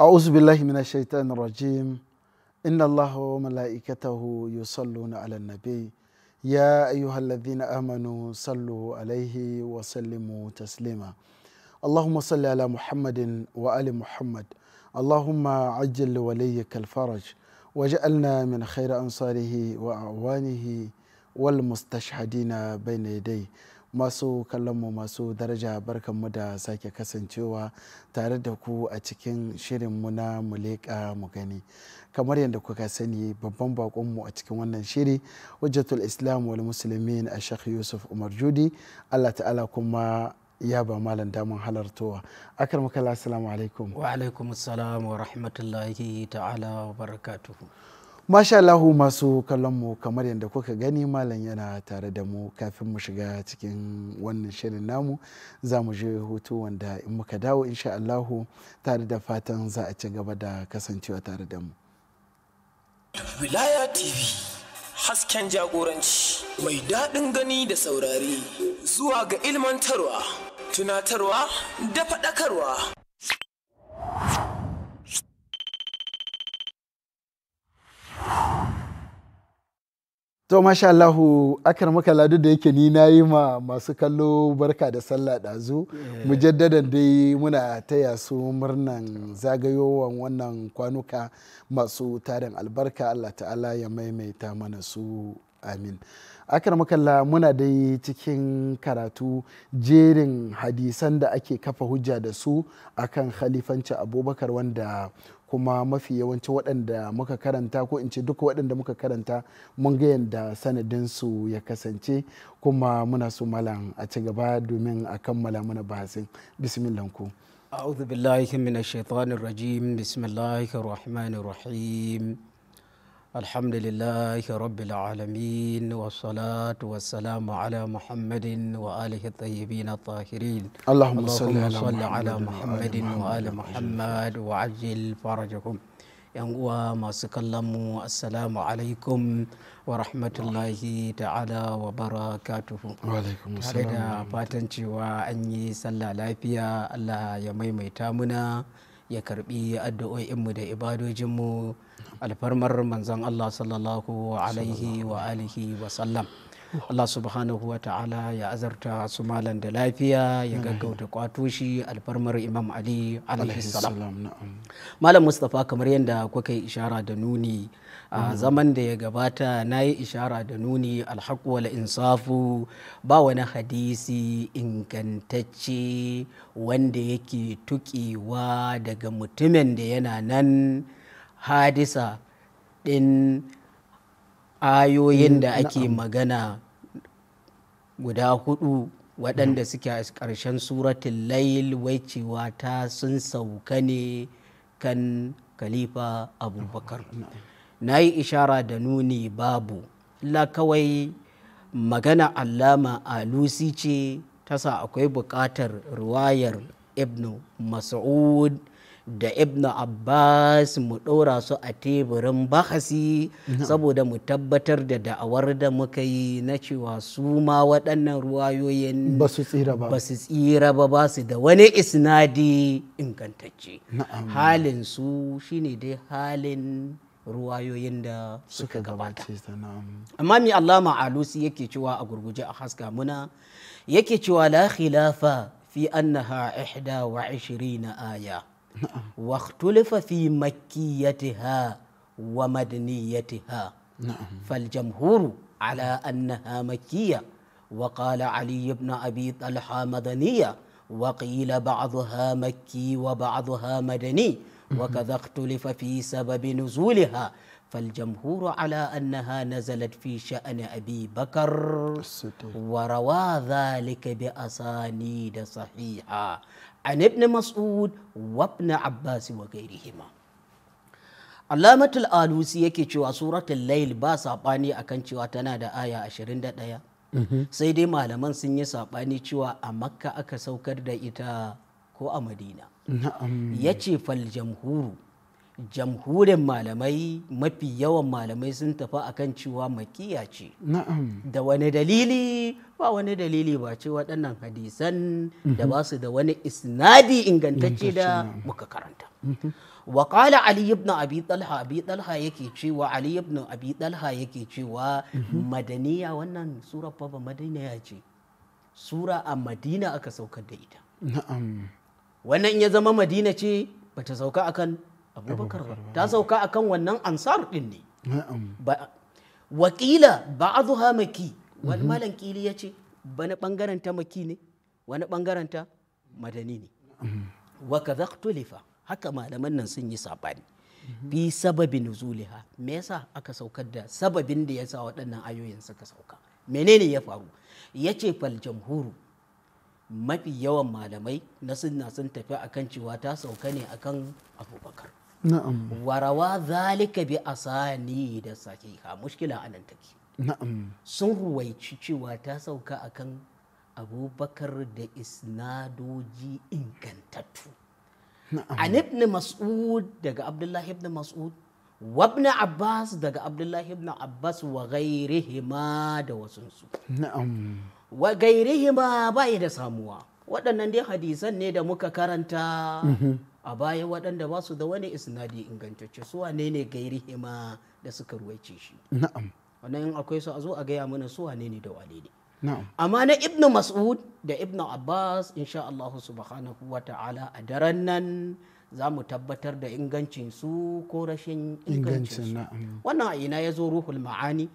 أعوذ بالله من الشيطان الرجيم إن الله وملائكته يصلون على النبي يا أيها الذين آمنوا صلوا عليه وسلموا تسليما اللهم صل على محمد وآل محمد اللهم عجل لوليك الفرج وجعلنا من خير أنصاره وأعوانه والمستشهدين بين يديه masu kallonmu masu daraja mu da sake kasancewa tare da ku a cikin shirin mu na muleka mu gani kamar yadda kuka sani babban bakonmu a cikin wannan shiri hujjatul islam wal musulmin a shekh yusuf umar judi allah ta'ala kuma ya ba malam damar halartowa akar makala assalamu alaikum wa alaikum assalam wa rahmatullahi ta'ala wa barakatuhu Masha Allahu masu kallon mu kamar yadda kuka gani malam yana tare da mu kafin mu shiga cikin wannan shirin namu za mu je hutu wanda in muka dawo insha Allahu tare da fatan za a ci gaba da kasancewa tare da mu. Wilaya TV hasken jagoranci mai daɗin gani da saurari zuwa ga ilmantarwa tunatarwa da faɗakarwa. To masha Allahu akar maka ladu da yake ni na yi ma masu kallo barka da sallah ɗazu eh. jaddada dai muna taya su murnan zagayowar wannan kwanuka masu tarin albarka Allah ta'ala ya maimaita mana su amin akar makalla muna dai cikin karatu jerin hadisan da ake kafa hujja da su akan khalifanci abubakar wanda kuma mafi yawanci waɗanda muka karanta ko in ce duk waɗanda muka karanta mun ga yadda su ya kasance kuma muna so malam a ci gaba domin a kammala mana bahasin bismillanku أعوذ بالله من الشيطان الرجيم بسم الله الرحمن الرحيم الحمد لله رب العالمين والصلاة والسلام على محمد وآله الطيبين الطاهرين اللهم صل على, محمد, على محمد, محمد وآل محمد وعجل فرجهم yan uwa masu kallonmu assalamu alaikum wa rahmatullahi ta'ala wa barakatuhu tare da fatan cewa an sallah lafiya allah ya maimaita muna ya karbi addu'o'inmu da ibadojinmu alfarmar manzon Allah sallallahu alaihi wa alihi wa sallam Allah subhanahu wa ta'ala ya azarta su malam da lafiya ya gaggauta kwato shi alfarmar Imam Ali alaihi salam Malam Mustapha kamar yadda kuka yi ishara da nuni a zaman da ya gabata na yi ishara da nuni alhaku wal insafu ba wani hadisi ingantacce wanda yake tukewa daga mutumin da yana nan hadisa ɗin ayoyin da mm, ake magana guda hudu waɗanda mm-hmm. suke a ƙarshen suratun lail cewa ta sun sauka ne kan khalifa abubakar na yi ishara da nuni babu la kawai magana allama alusi ce ta sa akwai buƙatar ruwayar ibn mas'ud da ibn abbas mu ɗora su a teburin bahasi saboda mu tabbatar da da'awar da muka yi na cewa su ma waɗannan ruwayoyin ba su tsira ba ba su da wani isnadi ingantacce halin su shine dai halin ruwayoyin da suka gabata amma mi allama alusi yake cewa a gurguje a haska muna yake cewa la khilafa fi annaha ihda wa na aya wa ikhtulifa fi makkiyatiha wa ha fal jamhuru ala annaha makkiya wa qala ali ibn abi talha madaniyya وقيل makki wa وبعضها Madani. وكذا اختلف في سبب نزولها فالجمهور على أنها نزلت في شأن أبي بكر وروى ذلك بأسانيد صحيحة عن ابن مسعود وابن عباس وغيرهما علامة الآلوسي يكي cewa suratul lail ba saɓani akan cewa tana da aya 21 sai dai malaman sun yi saɓani cewa a makka aka saukar da ita ko a madina ya ce fal jamhuru jamhurin malamai mafi yawan malamai sun tafi a kan cewa makiya ce da wani dalili ba wani dalili ba ce waɗannan hadisan mhm. da ba su da wani isnadi ingantacce da muka karanta mhm. wa qala ali ibn abi talha abi yake cewa ali ibn abi yake cewa mhm. madaniya wannan sura fa madaniya ce sura a madina aka saukar da ita na'am wannan ya zama madina ce ba ta sauka akan abubakar ba ta sauka akan wannan ansar din ne wakila ba'dhuha maki wani malam kili ya ce wani bangaren ta maki ne wani bangaren ta madani ne wa tulifa haka malaman nan sun yi sabani bi sababi zuliha me yasa aka saukar da sababin da ya sa waɗannan ayoyin suka sauka menene ya faru yace fal jamhuru mafi yawan malamai na sunna sun tafi akan cewa ta sauka ne akan abubakar na'am warawa zalika bi asani da sahiha mushkila anan take na'am sun ruwaici cewa ta sauka akan abubakar da isnadoji ingantattu an ibn mas'ud daga abdullahi ibn mas'ud وابن عباس daga عبد الله ابن عباس وغيرهما da wasunsu na'am wa gairihima ba da samuwa waɗannan dai hadisan ne da muka karanta mhm. a baya waɗanda ba su da wani isnadi ingantacce su wane ne gairihima da suka ruwaice shi na'am wannan in akwai su a zo a gaya mana su wane ne da wane ne na'am amma na ibnu mas'ud da ibnu abbas insha Allah subhanahu wa ta'ala a daren nan za mu tabbatar da ingancin su ko rashin ingancin su wannan a ina ya zo ruhul ma'ani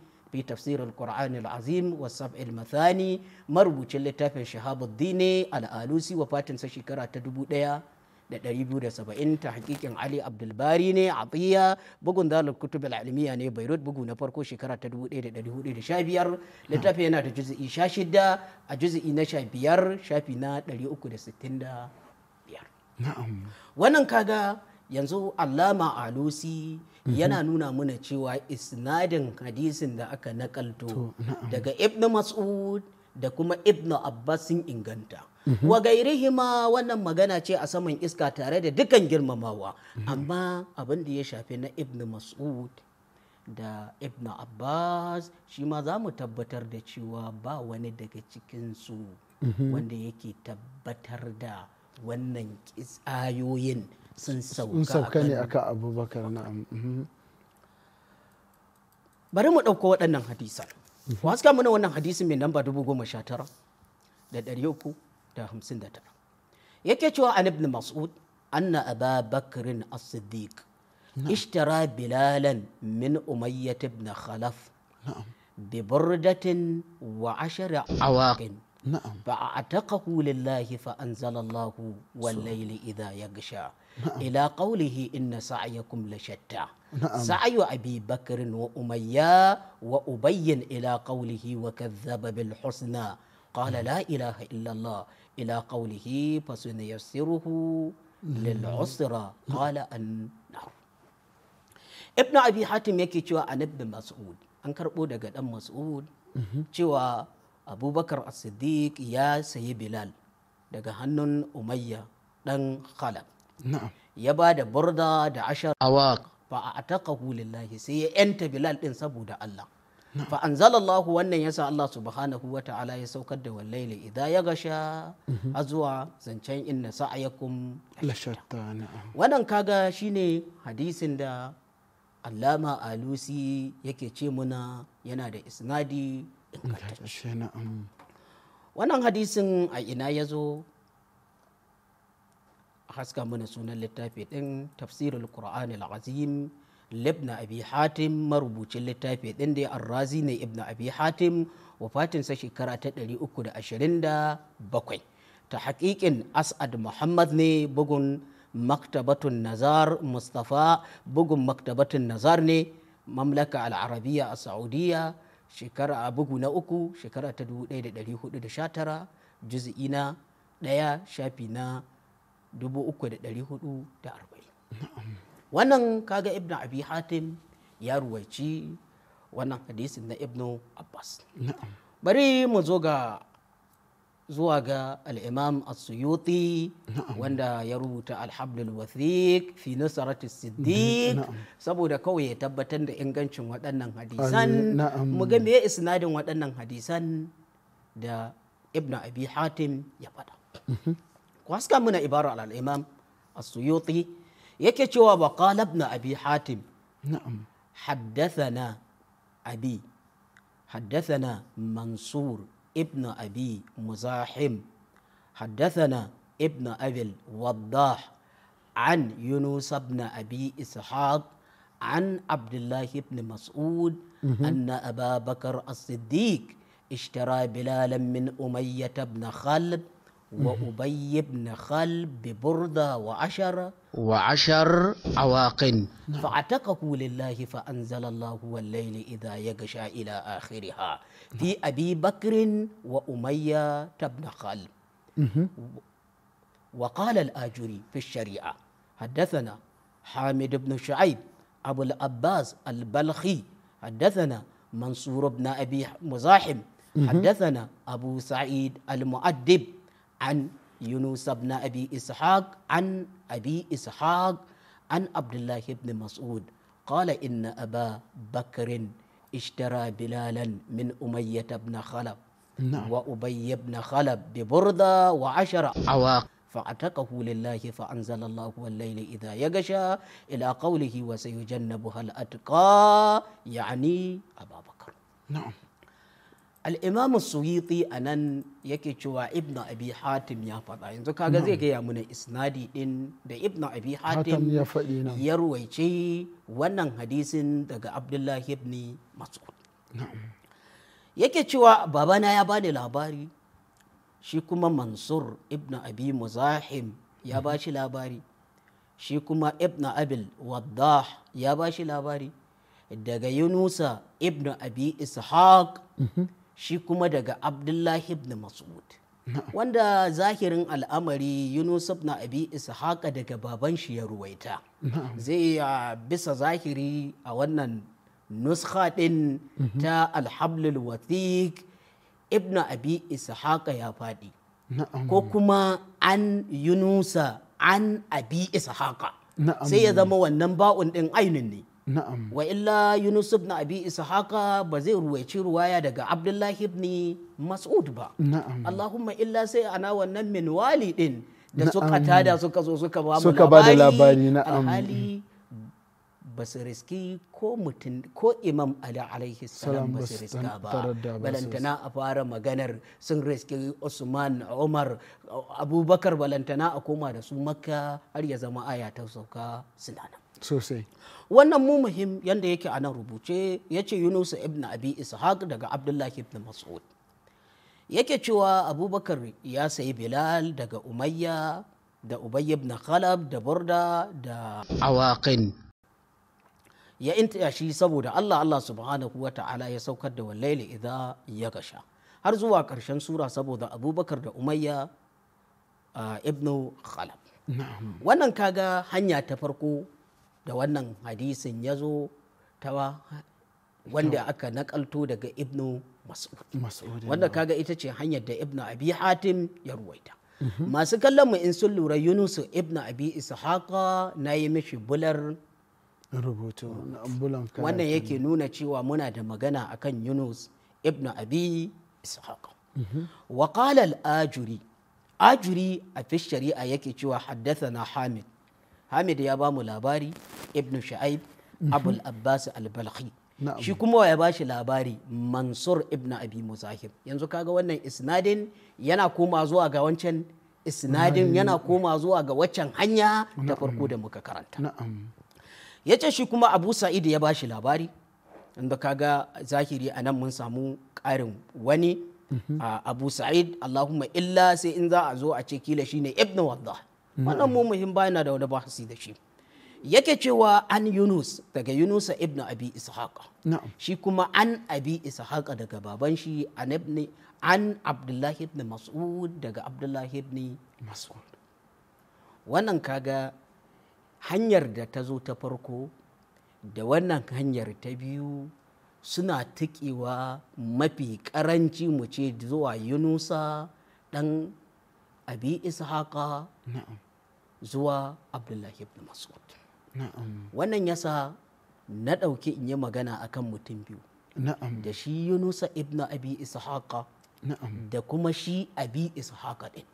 fi al Qur'an al-Azim wa Sab'il Mathani marubucin littafin Shahabuddin al-Alusi wafatinsa shekara ta 1270 ta hakikin Ali Abdulbari ne Atiya bugun dalil kutub al-ilmiya ne Beirut bugu na farko shekara ta 1415 littafin yana da juz'i 16 a juz'i na 15 shafi na 365 na'am wannan kaga yanzu Allama Alusi Mhm. yana nuna mana cewa isnadin hadisin da aka nakalto daga ibn mas'ud da kuma ibn abbas sun inganta mhm. wa gairihima wannan magana ce a saman iska tare da dukan girmamawa mhm. amma abin da ya shafi na ibn mas'ud da ibn abbas shi ma za mu tabbatar da cewa ba wani daga cikinsu wanda yake tabbatar da wannan ayoyin sun sauka ne akan abubakar na'am mhm. bari mu ɗauko waɗannan hadisan wasu muna wannan hadisin mai namba dubu goma sha tara da da hamsin da tara yake cewa an ibn mas'ud anna aba bakirin as-siddiq ishtara bilalan min umayyat ibn khalaf wa ashirin عواق نعم فأعتقه لله فأنزل الله والليل إذا يغشى نعم. إلى قوله إن سعيكم لشتى نعم. سعي أبي بكر وأمية وأبين إلى قوله وكذب بالحسنى قال نعم. لا إله إلا الله إلى قوله فسنيسره نعم. للعسرى نعم. قال النار ابن أبي حاتم يكي cewa عن ابن مسعود أنكر بودك أم مسعود cewa abubakar as-siddiq ya sayi bilal daga hannun umayya dan khalaf ya ba da burda da ashar awaq fa a ataqahu lillahi sai ya yanta bilal din saboda Allah fa anzalallahu wannan yasa Allah subhanahu wa ta'ala ya saukar da wallaili Ida ya gasha mhm. a zuwa zancen inna sa'ayakum lashatta wannan kaga shine hadisin da Allama Alusi yake ce muna yana da isnadi Um. wannan hadisin a ina ya zo haska mana sunan littafi ɗin tafsirul qur'anil al'azim ibn abi hatim marubucin littafi ɗin da ya arrazi ne ibn abi hatim wafatinsa shekara ta 327 ta haƙiƙin as'ad muhammad ne bugun maktabatun nazar mustapha bugun maktabatun nazar ne mamlaka al'arabiya a saudiya shekara a bugu na uku shekara ta da da 1419 juzi'i na ɗaya shafi na dubu uku da arba'in wannan kaga ibn abi hatim ya ruwaici wannan hadisin na ibn abbas bari mu zo ga zuwa ga al'imam as-suyuti wanda ya rubuta alhablul wathiq fi nasarati siddiq saboda kawai ya tabbatar da ingancin waɗannan hadisan mu ga meye isnadin waɗannan hadisan da ibn abi hatim ya faɗa mhm. ku haska muna ibara al-imam as-suyuti yake cewa ba qala ibn abi hatim na'am haddathana abi haddathana mansur ابن أبي مزاحم حدثنا ابن أبي الوضاح عن يونس بن أبي إسحاق عن عبد الله بن مسعود أن أبا بكر الصديق اشترى بلالا من أمية بن خلب وأبي بن خلب ببردة وعشر وعشر عواق فاعتقه لله فأنزل الله والليل إذا يغشى إلى آخرها في أبي بكر وأمية بن خلف وقال الآجري في الشريعة حدثنا حامد بن شعيب أبو الأباس البلخي حدثنا منصور بن أبي مزاحم حدثنا أبو سعيد المؤدب عن يونس بن أبي إسحاق عن أبي إسحاق عن عبد الله بن مسعود قال إن أبا بكر ishtara bilalan min umayyah ibn khalab wa ubay ibn khalab bi burda wa ashara awa فأعتقه لله فأنزل الله والليل إذا يغشى إلى قوله وسيجنبها الأتقى يعني أبا بكر نعم al'imamu suyiti a nan yake cewa ibn abi hatim ya faɗa yanzu kaga zai gaya mana isnadi ɗin da ibn abi hatim ya ruwaice wannan hadisin daga abdullahi ibn mas'ud yake cewa babana ya bani labari shi kuma mansur ibn abi muzahim ya mhm. ba shi labari shi kuma ibn abil waddah ya ba shi labari daga yunusa ibn abi ishaq mhm. shi kuma daga abdullahi ibn mas'ud wanda zahirin al'amari yunus ibn abi ishaqa daga baban shi ya ruwaita zai bisa zahiri a wannan nuskha din mhm. ta alhablul wathiq ibn abi ishaqa ya faɗi ko kuma an yunusa an abi ishaqa sai ya zama wannan ba'un din ainin ne na'am wa illa yunus ibn abi ishaqa ba zai ruwaici ruwaya daga abdullahi ibn mas'ud ba na'am allahumma illa sai ana wannan min wali din da suka tada suka zo suka ba mu suka ba labari na'am alhali ba su riski ko mutum ko imam ali alaihi salam ba su riska ba balantana a fara maganar sun riski usman umar abubakar balantana a koma da su makka har ya zama aya ta sauka sunana. sosai wannan mu muhim yanda yake a nan rubuce yace Yunus ibn Abi Ishaq daga Abdullahi ibn Mas'ud yake cewa Abubakar ya sayi Bilal daga Umayya da Ubay ibn Khalab da Burda da Awaqin ya inta shi saboda Allah Allah subhanahu wa ta'ala ya saukar da wallaili idza ya gasha har zuwa karshen sura saboda Abubakar da Umayya ibn Khalab wannan kaga hanya ta farko da wannan hadisin ya zo ta wanda aka nakalto daga ibnu mas'ud wanda kaga ita ce hanyar da ibnu abi hatim ya ruwaita mhm. masu kallon mu in sun lura yunusu ibnu abi ishaqa na yi mishi bular rubutu wannan yake nuna cewa muna da magana akan yunus ibnu abi ishaqa mhm. wa qala al ajuri ajuri a fi shari'a yake cewa haddathana hamid hamid ya ba mu labari ibn sha'ib mhm. abul abbas al-balkhi shi kuma ya ba shi labari mansur ibn abi muzahib yanzu kaga wannan isnadin yana koma zuwa ga wancan isnadin yana koma zuwa ga waccan hanya ta farko da muka karanta ya ce shi kuma abu sa'id ya ba shi labari inda kaga zahiri a nan mun samu karin wani mhm. abu sa'id allahumma illa sai in za a zo a ce kila shine ibn wadda wannan mu muhim yana da wani bahasi da shi yake cewa an yunus daga yunus ibn abi ishaqa shi kuma an abi ishaqa daga baban shi an ibn an abdullahi ibn mas'ud daga abdullahi ibn mas'ud wannan kaga hanyar da ta zo ta farko da wannan hanyar ta biyu suna tikewa mafi karanci mu ce zuwa yunusa dan abi ishaqa zuwa abdullahi ibn mas'ud wannan ya sa na ɗauki in yi magana a kan mutum biyu da shi yunusa ibn abi ishaqa da kuma shi abi ishaqa din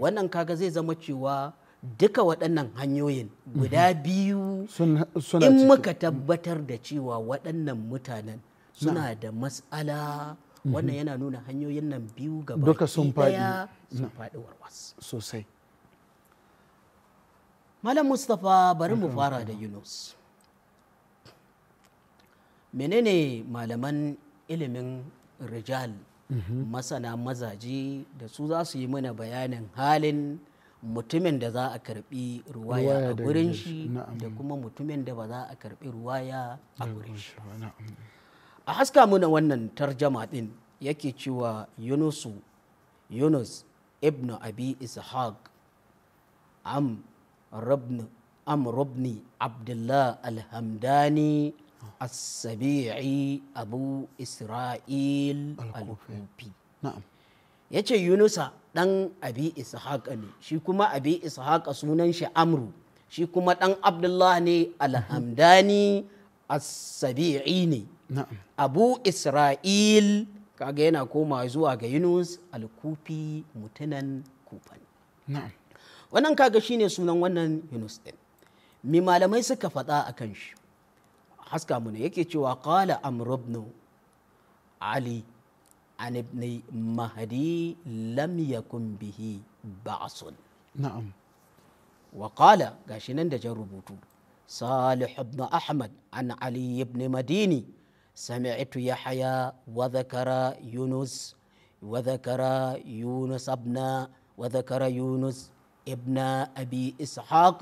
wannan kaga zai zama cewa duka waɗannan hanyoyin guda mhm. biyu in muka tabbatar da cewa waɗannan mutanen suna da matsala mhm. wannan yana nuna hanyoyin nan biyu gaba ɗaya sun faɗi warwas sosai malam mustapha bari mu fara da yunus menene malaman ilimin rijal mhm. masana mazaji da su za su yi mana bayanin halin mutumin da za a karbi ruwaya a gurin shi da kuma mutumin da ba za a karbi ruwaya a gurin shi a haska muna wannan tarjama din yake cewa yunusu yunus ibn abi ishaq am rabni abdullahi alhamdani as abu isra'il al ya ce yunusa ɗan abi ne shi kuma abi ishaƙa sunan shi amru shi kuma ɗan abdullahi ne alhamdani asabi'i ne abu isra'il kaga yana koma zuwa ga yunus alkufi mutunan kufan wannan kaga shine sunan wannan Yunus din mi malamai suka faɗa kan shi haska mu ne yake cewa qala amr ali an ibn mahdi lam yakun bihi ba'sun na'am wa qala gashi nan da jan rubutu salih ibn ahmad an ali ibn madini سمعت yahya وذكر يونس yunus وذكر يونس ابن وذكر يونس ابن أبي إسحاق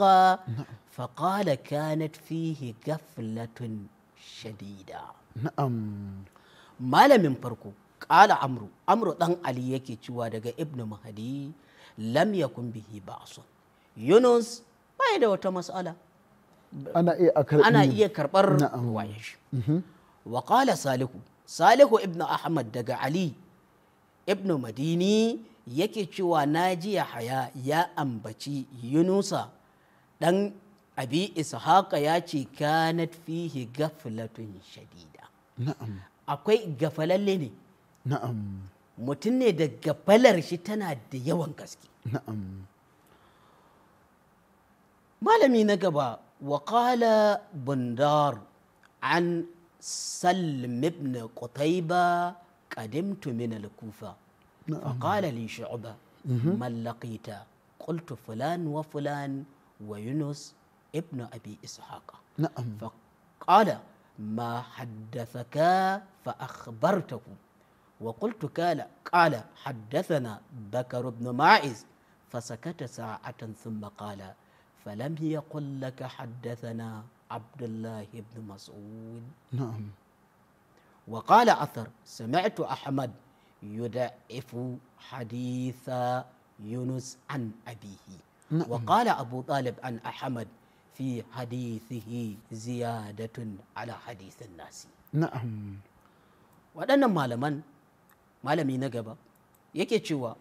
فقال كانت فيه قفلة شديدة نعم ما لم ينفرقوا قال عمرو عمرو دان علي يكي cewa ابن مهدي لم يكن به بعص يونس ما bai da wata mas'ala ana iya karɓar wayan نعم وعيش وقال salihu salihu ابن أحمد daga علي ابن مديني yake cewa na ji haya ya ambaci yunusa ɗan abi ishaqa ya ce kanat fihi gaflatun shadida na'am akwai gafalalle ne na'am mutum ne da gafalar shi tana da yawan gaske na'am malami na gaba waƙala bundar an salm ibn qutayba qadimtu min al-kufa فقال نعم. لي شعبة من لقيت قلت فلان وفلان ويونس ابن أبي إسحاق نعم فقال ما حدثك فأخبرته وقلت قال قال حدثنا بكر بن ماعز فسكت ساعة ثم قال فلم يقل لك حدثنا عبد الله بن مسعود نعم وقال أثر سمعت أحمد yudaifu haditha yunus an abihi wa qala abu talib an ahmad fi hadithihi ziyadatun ala hadithin nasi waɗannan malaman malami na gaba yake cewa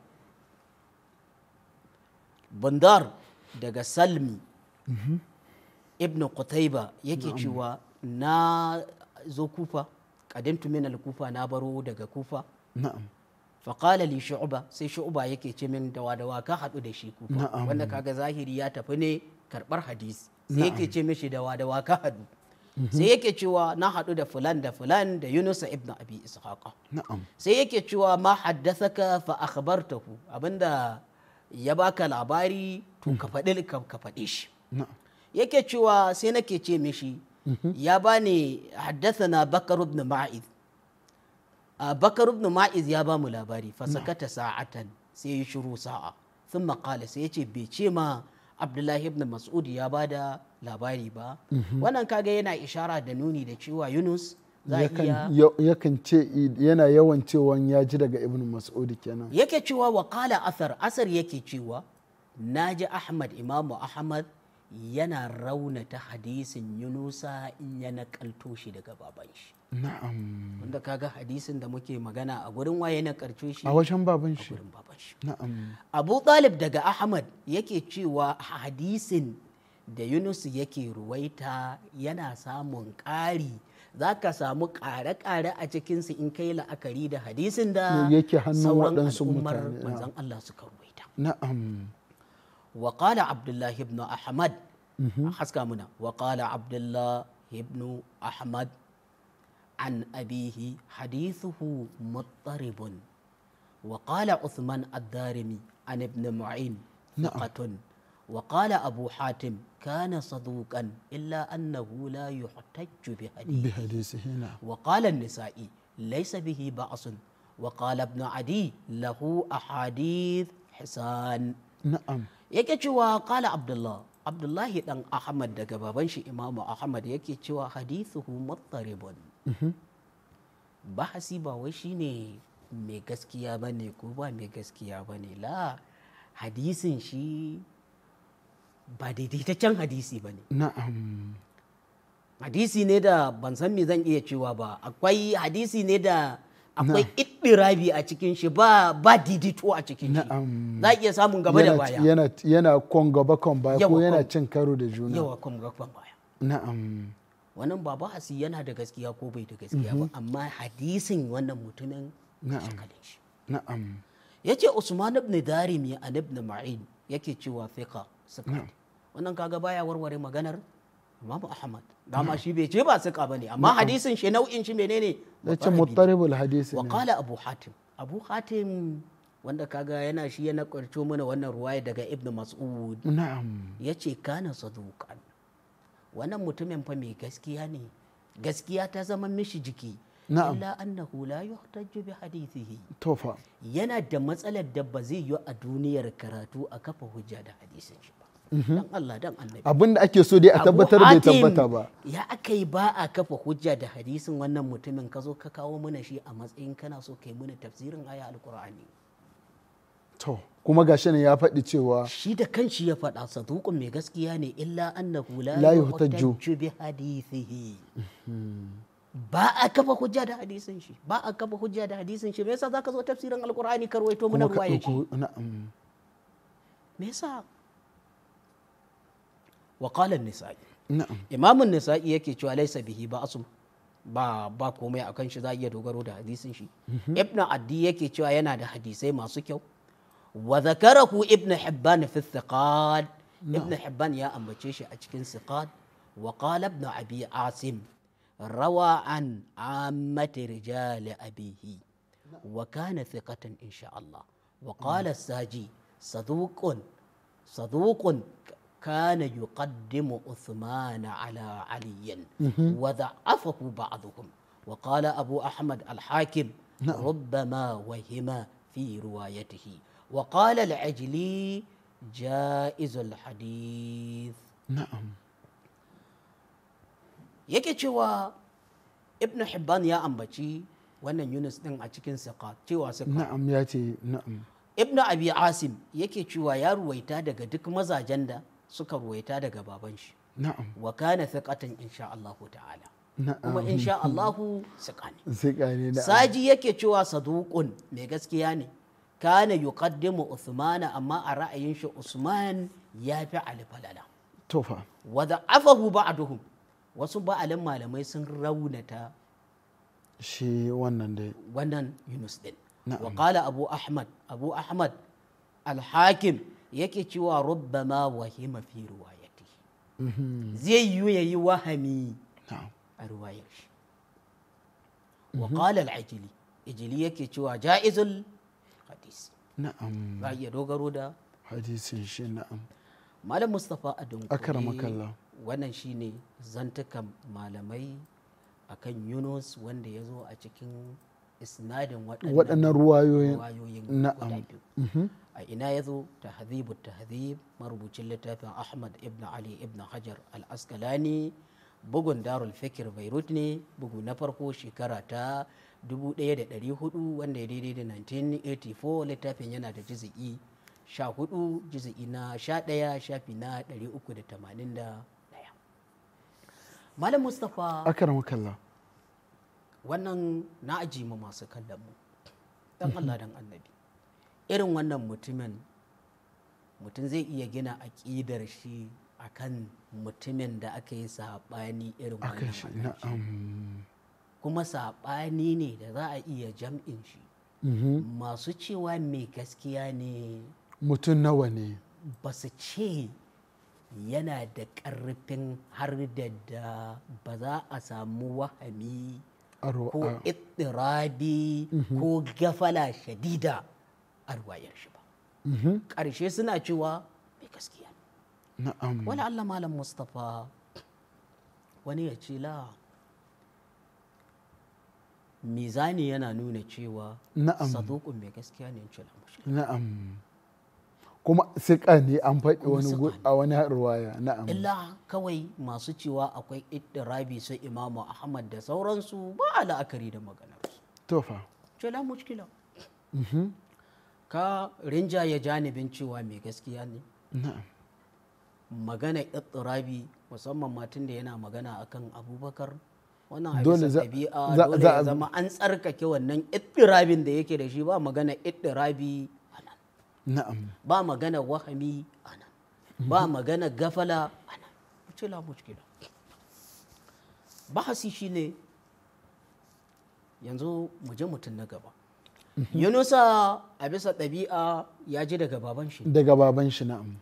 bandar daga salmi mhm. ibn qutaiba yake cewa na zo kufa kadimtu kufa na baro daga kufa na'am faƙala li shu'ba sai shu'ba yake ce min dawa dawa ka haɗu da shi kufa wanda kaga zahiri ya tafi ne karɓar hadisi sai yake ce mishi dawa dawa ka haɗu mhm. sai yake cewa na haɗu da fulan da fulan da Yunus ibn Abi Ishaqa sai yake cewa ma haddathaka fa akhbartahu abinda ya baka labari to ka mhm. faɗi ka faɗi shi yake cewa sai nake ce mishi mhm. ya bani haddathana Bakar ibn Ma'id Uh, bakar ibn ma'iz ya ba mu labari fasakata sa'atan sai ya shiru sa'a sun maƙala sai ya ce bai ce ma abdullahi ibn mas'ud ya ba da labari ba mhm. wannan kaga yana ishara da nuni da cewa yunus yakan ce yana yawan cewa ya ji daga ibn mas'ud kenan yake cewa wa qala asar asar yake cewa naji ahmad imamu ahmad yana raunata hadisin yunusa in ya nakalto shi daga Babanshi. na'am wanda kaga hadisin da muke magana a gurin waye na karshe shi a wajen baban shi na'am Abu Talib daga Ahmad yake cewa hadisin da Yunus yake ruwaita yana samun ƙari za ka samu ƙare-ƙare a cikinsu in kai la'akari da hadisin da sauran al'ummar manzan Allah suka ruwaita. Na'am. Wa qala Abdullah ibn Ahmad mhm. haska muna wa qala Abdullahi ibn Ahmad an abihi hadithuhu muttaribun wa qala Uthman ad-Darimi an ibn Mu'in thiqatun wa qala Abu Hatim kana saduqan illa annahu la yuhtajju bi hadithihi wa qala an-Nisa'i laysa bihi ba'sun wa qala ibn Adi lahu ahadith hisan na'am yake cewa qala Abdullah Abdullahi dan Ahmad daga baban shi Imamu Ahmad yake cewa hadithuhu muttaribun Mm-hmm. bahasi ba wai shine mai gaskiya ba ne ko ba mai gaskiya ba ne la hadisin shi ba daidaitaccen hadisi ba ne na'am hadisi ne da ban san me zan iya cewa ba akwai hadisi ne da akwai iddirabi a cikin shi ba ba didito a cikin shi za iya samun gaba da baya yana kon gaba kon baya ko yana cin karo da juna yawa kon gaba kon baya na'am wannan ba hasi yana da gaskiya ko bai da gaskiya ba mhm. amma hadisin wannan mutumin hankalin shi na'am yace Usman ibn Darimi an ibn Ma'in yake cewa fiqa suka wannan kaga baya warware maganar Imam Ahmad dama shi bai ce ba suka bane amma hadisin shi nau'in shi menene yace muttaribul hadisi wa qala Abu Hatim Abu Hatim wanda kaga yana shi yana kwarto mana wannan ruwaya daga Ibn Mas'ud na'am yace kana saduqan wannan mutumin fa mai gaskiya ne gaskiya ta zama mishi jiki illa annahu la yuhtaju bi hadithihi tofa yana da matsalar da ba zai yi a duniyar karatu a kafa hujja da hadisin shi ba mhm. dan Allah dan annabi abinda ake so dai a tabbatar bai tabbata ba ya akai ba a kafa hujja da hadisin wannan mutumin ka zo ka kawo mana shi a matsayin kana so kai mana tafsirin aya alqur'ani kuma kuma shi ne ya faɗi cewa shi da kan shi ya faɗa saduqun mai gaskiya ne illa annahu la yuhtajju bi hadithihi ba a kafa hujja da hadisin shi ba a kafa hujja da hadisin shi me yasa zaka zo tafsirin alqur'ani ka ruwaito mana ruwaye shi me yasa wa qala an-nisa'i imamun nisa'i yake cewa laysa bihi ba asum ba ba komai akan shi za a iya dogaro da hadisin shi mhm. ibnu addi yake cewa yana da hadisai masu kyau وذكره ابن حبان في الثقاد نعم. ابن حبان يا أم أمبتشيش أشكن ثقاد وقال ابن أبي عاصم روى عن عامة رجال أبيه وكان ثقة إن شاء الله وقال نعم. الساجي صدوق صدوق كان يقدم عثمان على علي وضعفه بعضهم وقال أبو أحمد الحاكم نعم. ربما وهم في روايته wa qala la'ajili ja'izul hadith na'am yake cewa ibn hibban ya ambaci wannan yunus din a cikin siqat cewa siqat na'am ya ce na'am ibn abi asim yake cewa ya ruwaita daga duk mazajen da suka ruwaita daga baban shi na'am wa kana thiqatan insha Allah ta'ala kuma insha Allah siqa ne saji yake cewa saduqun mai gaskiya ne kana yuqaddimu usmana amma a ra'ayin shi usman yafi fi ali falala tofa wadda afahu ba'duhum wasu ba'alin malamai sun raunata shi wannan dai wannan yunus din wa qala abu ahmad abu ahmad al-hakim yake cewa rubbama wahima fi riwayati mhm. zai yi yayi wahami a riwayar shi wa qala al-ajli ijli yake cewa jaizul na'am ba iya dogaro da hadisin shi na'am malam mustapha a dunkule wannan shine zantukan malamai akan yunus wanda ya zo a cikin isnadin waɗannan ruwayoyin na'am mhm. a ina ya zo ta tahzib marubucin littafin ahmad ibn ali ibn hajar al-askalani bugun darul fikir beirut ne bugu na farko shekara ta 1400 wanda ya daidai da 1984 littafin yana da jizi'i 14 jizi'i na 11 shafi na 381 malam mustapha akaran kalla wannan na aji masu kallon mu dan allah dan annabi irin wannan mutumin mutum zai iya gina aƙidar shi akan mutumin da aka yi sabani irin wannan kuma saɓani ne da za a iya jam'in shi mhm. masu cewa mai gaskiya ne mutum nawa ne ba su ce yana da ƙarfin har da ba za a samu wahami ko itirabi mhm. ko gafala shadida a ruwayar shi ba mhm. ƙarshe suna cewa mai gaskiya wani allah malam mustapha wani ya ce la mizani yana nuna cewa na'am saduqun mai gaskiya ne yace na'am kuma sika ne an faɗi wani a wani ruwaya na'am illa kawai masu cewa akwai iddirabi sai imamu ahmad da sauransu ba la'akari da maganar to fa ce la mushkila mhm. ka ya janibin cewa mai gaskiya ne magana iddirabi musamman matun da yana magana akan abubakar wannan dole ya zama an tsarkake wannan iddirabin da yake da shi ba magana Rabi anan na'am ba magana wahami anan ba mhm. magana gafala anan ce la mushkila bahasi shine yanzu mu je mutum na gaba mhm. yunusa a bisa ɗabi'a ya ji daga baban shi daga baban shi na'am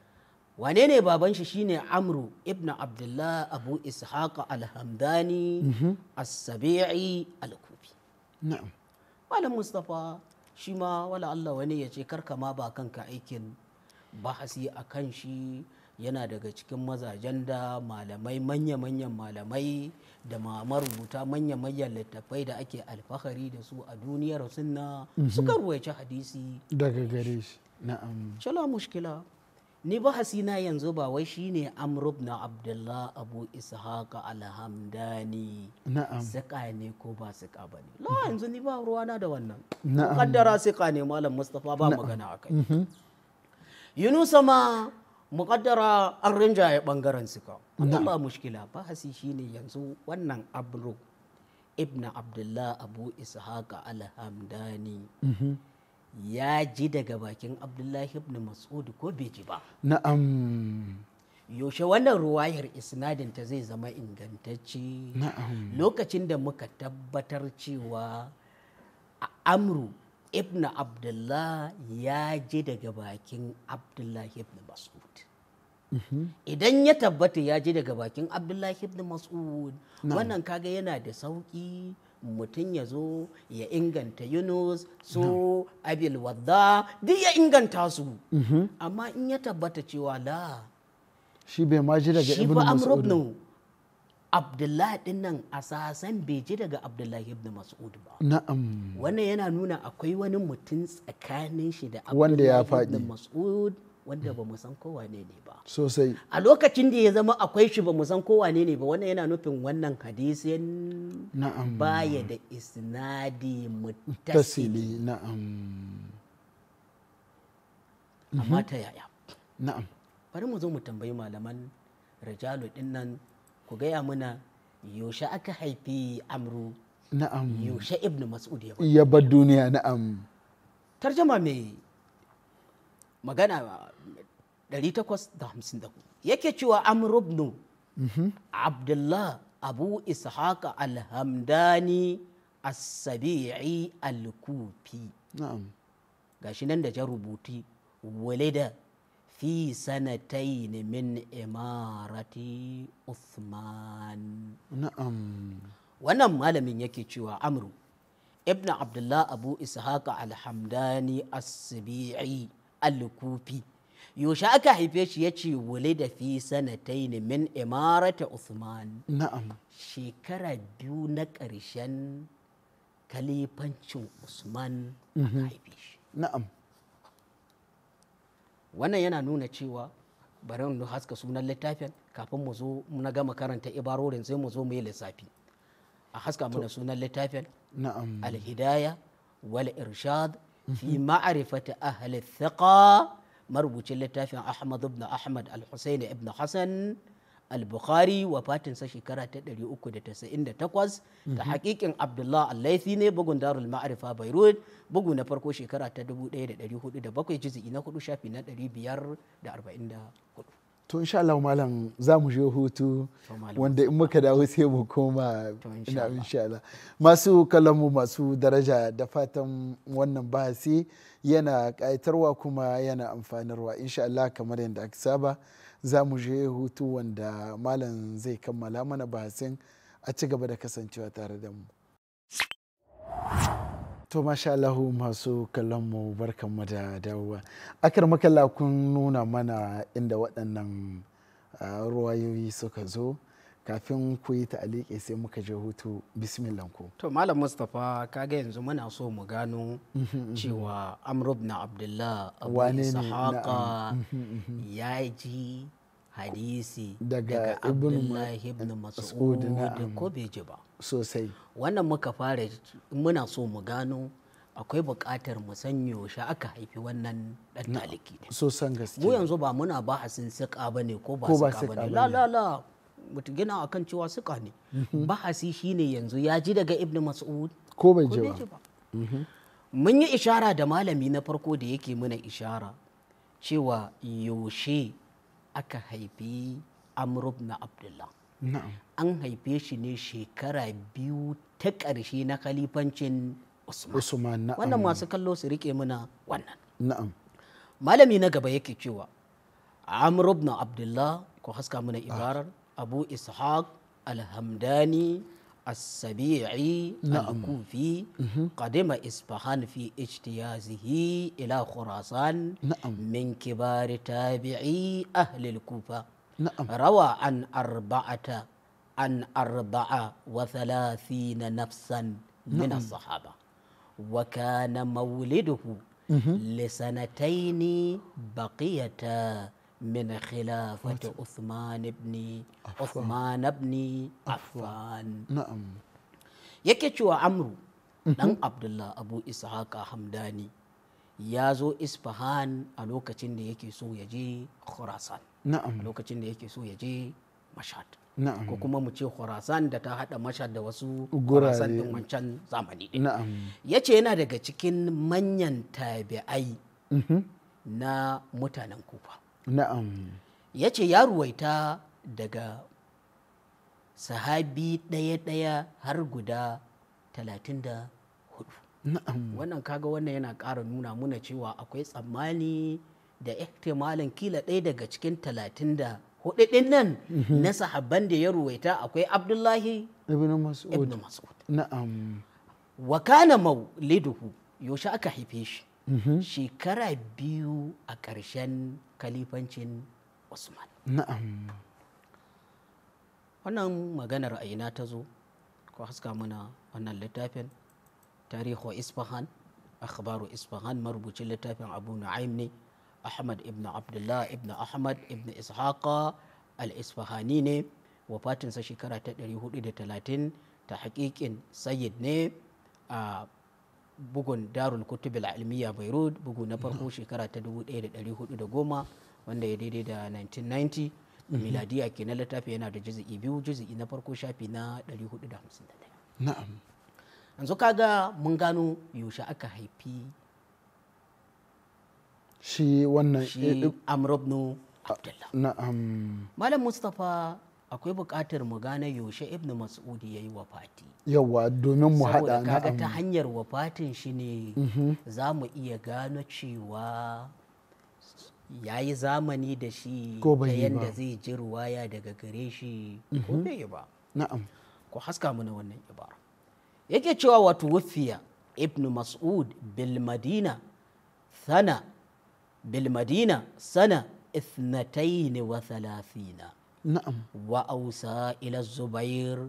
wane ne baban shi shine amru ibn abdullah abu ishaq alhamdani mhm. as-sabi'i al-kufi na'am malam mustafa shi ma wala Allah wani ya ce karka ma ba kanka aikin bahasi a kan shi yana daga cikin mazajen da malamai manya-manyan malamai da marubuta manya-manyan littattafai da ake alfahari da su a duniyar sunna mhm. suka ruwaice hadisi daga gare shi na'am shala mushkila ni ba hasina yanzu ba wai shine amrub na abdullah abu ishaq alhamdani na'am sika ne ko ba sika ba ne la yanzu ni ba ruwana da wannan na'am kaddara saka ne malam mustafa ba magana akai mhm. yunus ma muqaddara an ya bangaren sika amma ba mushkila hasi shine yanzu wannan amrub ibn abdullah abu ishaq alhamdani mhm. ya ji daga bakin abdullahi ibn mas'ud ko bai ji ba na'am yaushe wannan ruwayar isnadin ta zai zama ingantacce lokacin da muka tabbatar cewa amru ibn abdullah ya ji daga bakin abdullahi ibn mas'ud mhm. idan ya tabbata ya ji daga bakin abdullahi ibn mas'ud wannan kaga yana da sauki. mutum ya zo ya inganta yunus so abil wadda duk ya inganta su mhm. amma in ya tabbata cewa la shi bai ma ji daga ibn mas'ud abdullahi din nan asasan bai ji daga abdullahi ibn mas'ud ba na'am wannan yana nuna akwai wani mutum tsakanin shi da abdullahi ibn mas'ud wanda ba mu san kowa ne ne ba sosai a lokacin da ya zama akwai shi ba mu san kowa ne ne ba wannan yana nufin wannan hadisin na'am baya da isnadi mutasili na'am amma mhm. ta yaya na'am bari mu zo mu tambayi malaman rijalu dinnan ku gaya mana yaushe aka haifi amru na'am yaushe ibnu mas'ud ya bar duniya na'am tarjama mai magana 854 yake cewa amrubnu abdullah abu ishaqa alhamdani as-sabi'i al-kufi gashi nan da ja rubuti walida fi sanatain min imarati Uthman. Na'am. Wannan malamin yake cewa Amru, Ibn Abdullah Abu Ishaqa Alhamdani As-Sabi'i al-kufi yaushe aka haife shi ya ce wule da fi sanatai ne min imarata usman na'am shekara biyu na ƙarshen kalifancin usman aka mhm. haife shi na'am wannan yana nuna cewa bari mu haska sunan littafin kafin mu zo na gama karanta ibarorin sai mu zo mu yi lissafi a haska mana sunan littafin na'am al-hidaya wal irshad fi ta ahli thiqa marubucin littafin Ahmad ibn Ahmad al-Husaini ibn Hassan al-Bukhari wafatinsa shekara ta 398 da takwas. hakikin Abdullah al-Laithi ne bugun darul ma'arifa Beirut bugu na farko shekara ta 1407 jizi'i na 4 shafi na 544 to insha Allah malam za mu je hutu wanda in muka dawo sai mu koma ina insha Allah masu kalamu masu daraja da fatan wannan bahasi yana kayatarwa kuma yana amfanarwa insha Allah kamar yadda aka saba za mu je hutu wanda malam zai kammala mana bahasin a ci gaba da kasancewa tare da mu. to masha Allahu masu kallonmu mu da dawowa akar makalla kun nuna mana inda waɗannan ruwayoyi suka zo kafin ku yi ta'aliki sai muka je hutu bismillah ku to malam mustapha kaga yanzu muna so mu gano cewa amr ibn abdullah abu sahaqa ya ji hadisi daga abdullahi ibn mas'ud ko bai ji ba sosai wannan muka fara muna so mu gano akwai buƙatar mu san yaushe aka haifi wannan ɗan taliki san gaske mu yanzu ba muna ba a sun siƙa ba ne ko ba siƙa ba ne la la la mutu gina akan cewa siƙa ne mhm. bahasi shine yanzu ya ji daga ibn mas'ud ko bai ji ba mhm. mun yi ishara da malami na farko da yake mana ishara cewa yaushe aka haifi amr ibn abdullah an haife shi ne shekara biyu ta ƙarshe na kalifancin usman wannan masu kallo su riƙe muna wannan malami na gaba yake cewa amr ibn abdullah ko haska muna ah. ibarar abu ishaq alhamdani السبيعي الكوفي قدم إسفهان في اجتيازه إلى خراسان من كبار تابعي أهل الكوفة rawa an arba'ata an arba'a wa thalathina nafsan min as-sahaba wa kana mawliduhu لسنتين بقيتا من خلافة عثمان بن عثمان بن عفان نعم yake cewa amru mhm. dan abdullah abu ishaqa hamdani ya zo isfahan a lokacin da yake so ya je khurasan na'am lokacin da yake so ya je mashad ko kuma mu ce khurasan da ta hada mashad da wasu khurasan din wancan zamani din ya ce yana daga cikin manyan tabi'ai mhm. na mutanen kufa ya ce ya ruwaita daga sahabi daya daya har guda talatin da hudu wannan kaga wannan yana ƙara nuna muna cewa akwai tsammani da ihtimalin kila ɗaya daga cikin talatin da hudu nan mhm. na sahabban da ya ruwaita akwai abdullahi ibn mas'ud na'am wa kana mauliduhu yaushe aka haife shi mhm. shekara biyu a ƙarshen kalifancin usman na'am wannan maganar aina ta zo ko haska muna wannan littafin tarihu isfahan akhbaru isfahan marubucin littafin abu na'im ne ahmad ibn abdullah ibn ahmad ibn ishaqa al-isfahani ne wafatinsa shekara ta 430 ta hakikin sayyid ne a bugun darul kutub al-Ilmiya beirut bugu na farko shekara ta 1410 wanda ya daidai da 1990 mhm. miladiya ke na littafi yana da juzi'i biyu juzi'i na farko shafi na 451 na'am yanzu kaga mun gano yaushe aka haifi shi wannan shi eh, Amrabnu abdullah na'am malam mustapha akwai buƙatar mu gane yaushe ibn mas'udi ya yi wafati yawa domin mu haɗa na kaga ta hanyar wafatin shi ne mm-hmm. za mu iya gano cewa ya yi zamani da shi ta yadda zai ji ruwaya daga gare shi ko mm-hmm. bai yi ba na'am ko haska mana wannan ibara yake cewa wato Wufiya ibn mas'ud bil madina sana بالمدينة سنة اثنتين وثلاثين نعم وأوسى إلى الزبير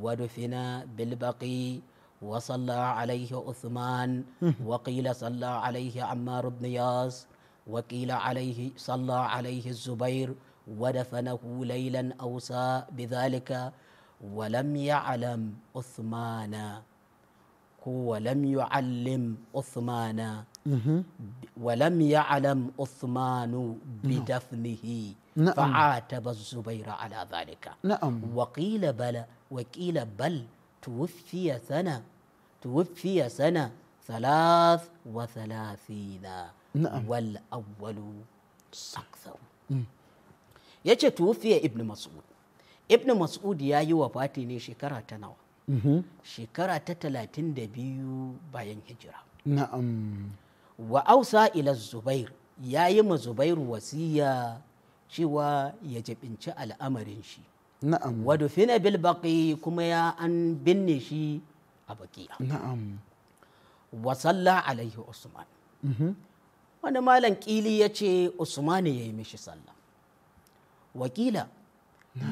ودفن بالبقي وصلى عليه عثمان وقيل صلى عليه عمار بن ياس وقيل عليه صلى عليه الزبير ودفنه ليلا أوسى بذلك ولم يعلم عثمان ولم يعلم عثمان ولم يعلم عثمان نعم. بدفنه نعم. فعاتب الزبير على ذلك نعم وقيل بل وقيل بل توفي سنة توفي سنة ثلاث وثلاثين نعم والأول أكثر يا توفي ابن مسعود ابن مسعود يا وفاتي شكرة تنو شكرة تتلاتين دبيو باين هجرة نعم wa ausa ila zubair ya yi ma zubairu wasiya cewa ya jibinci al'amarin shi na'am wa dufina bil baqi kuma ya an binne shi a baqiya na'am wa salla alaihi usman mhm. wani malam kili ya ce usman ya yi mishi sallah wakila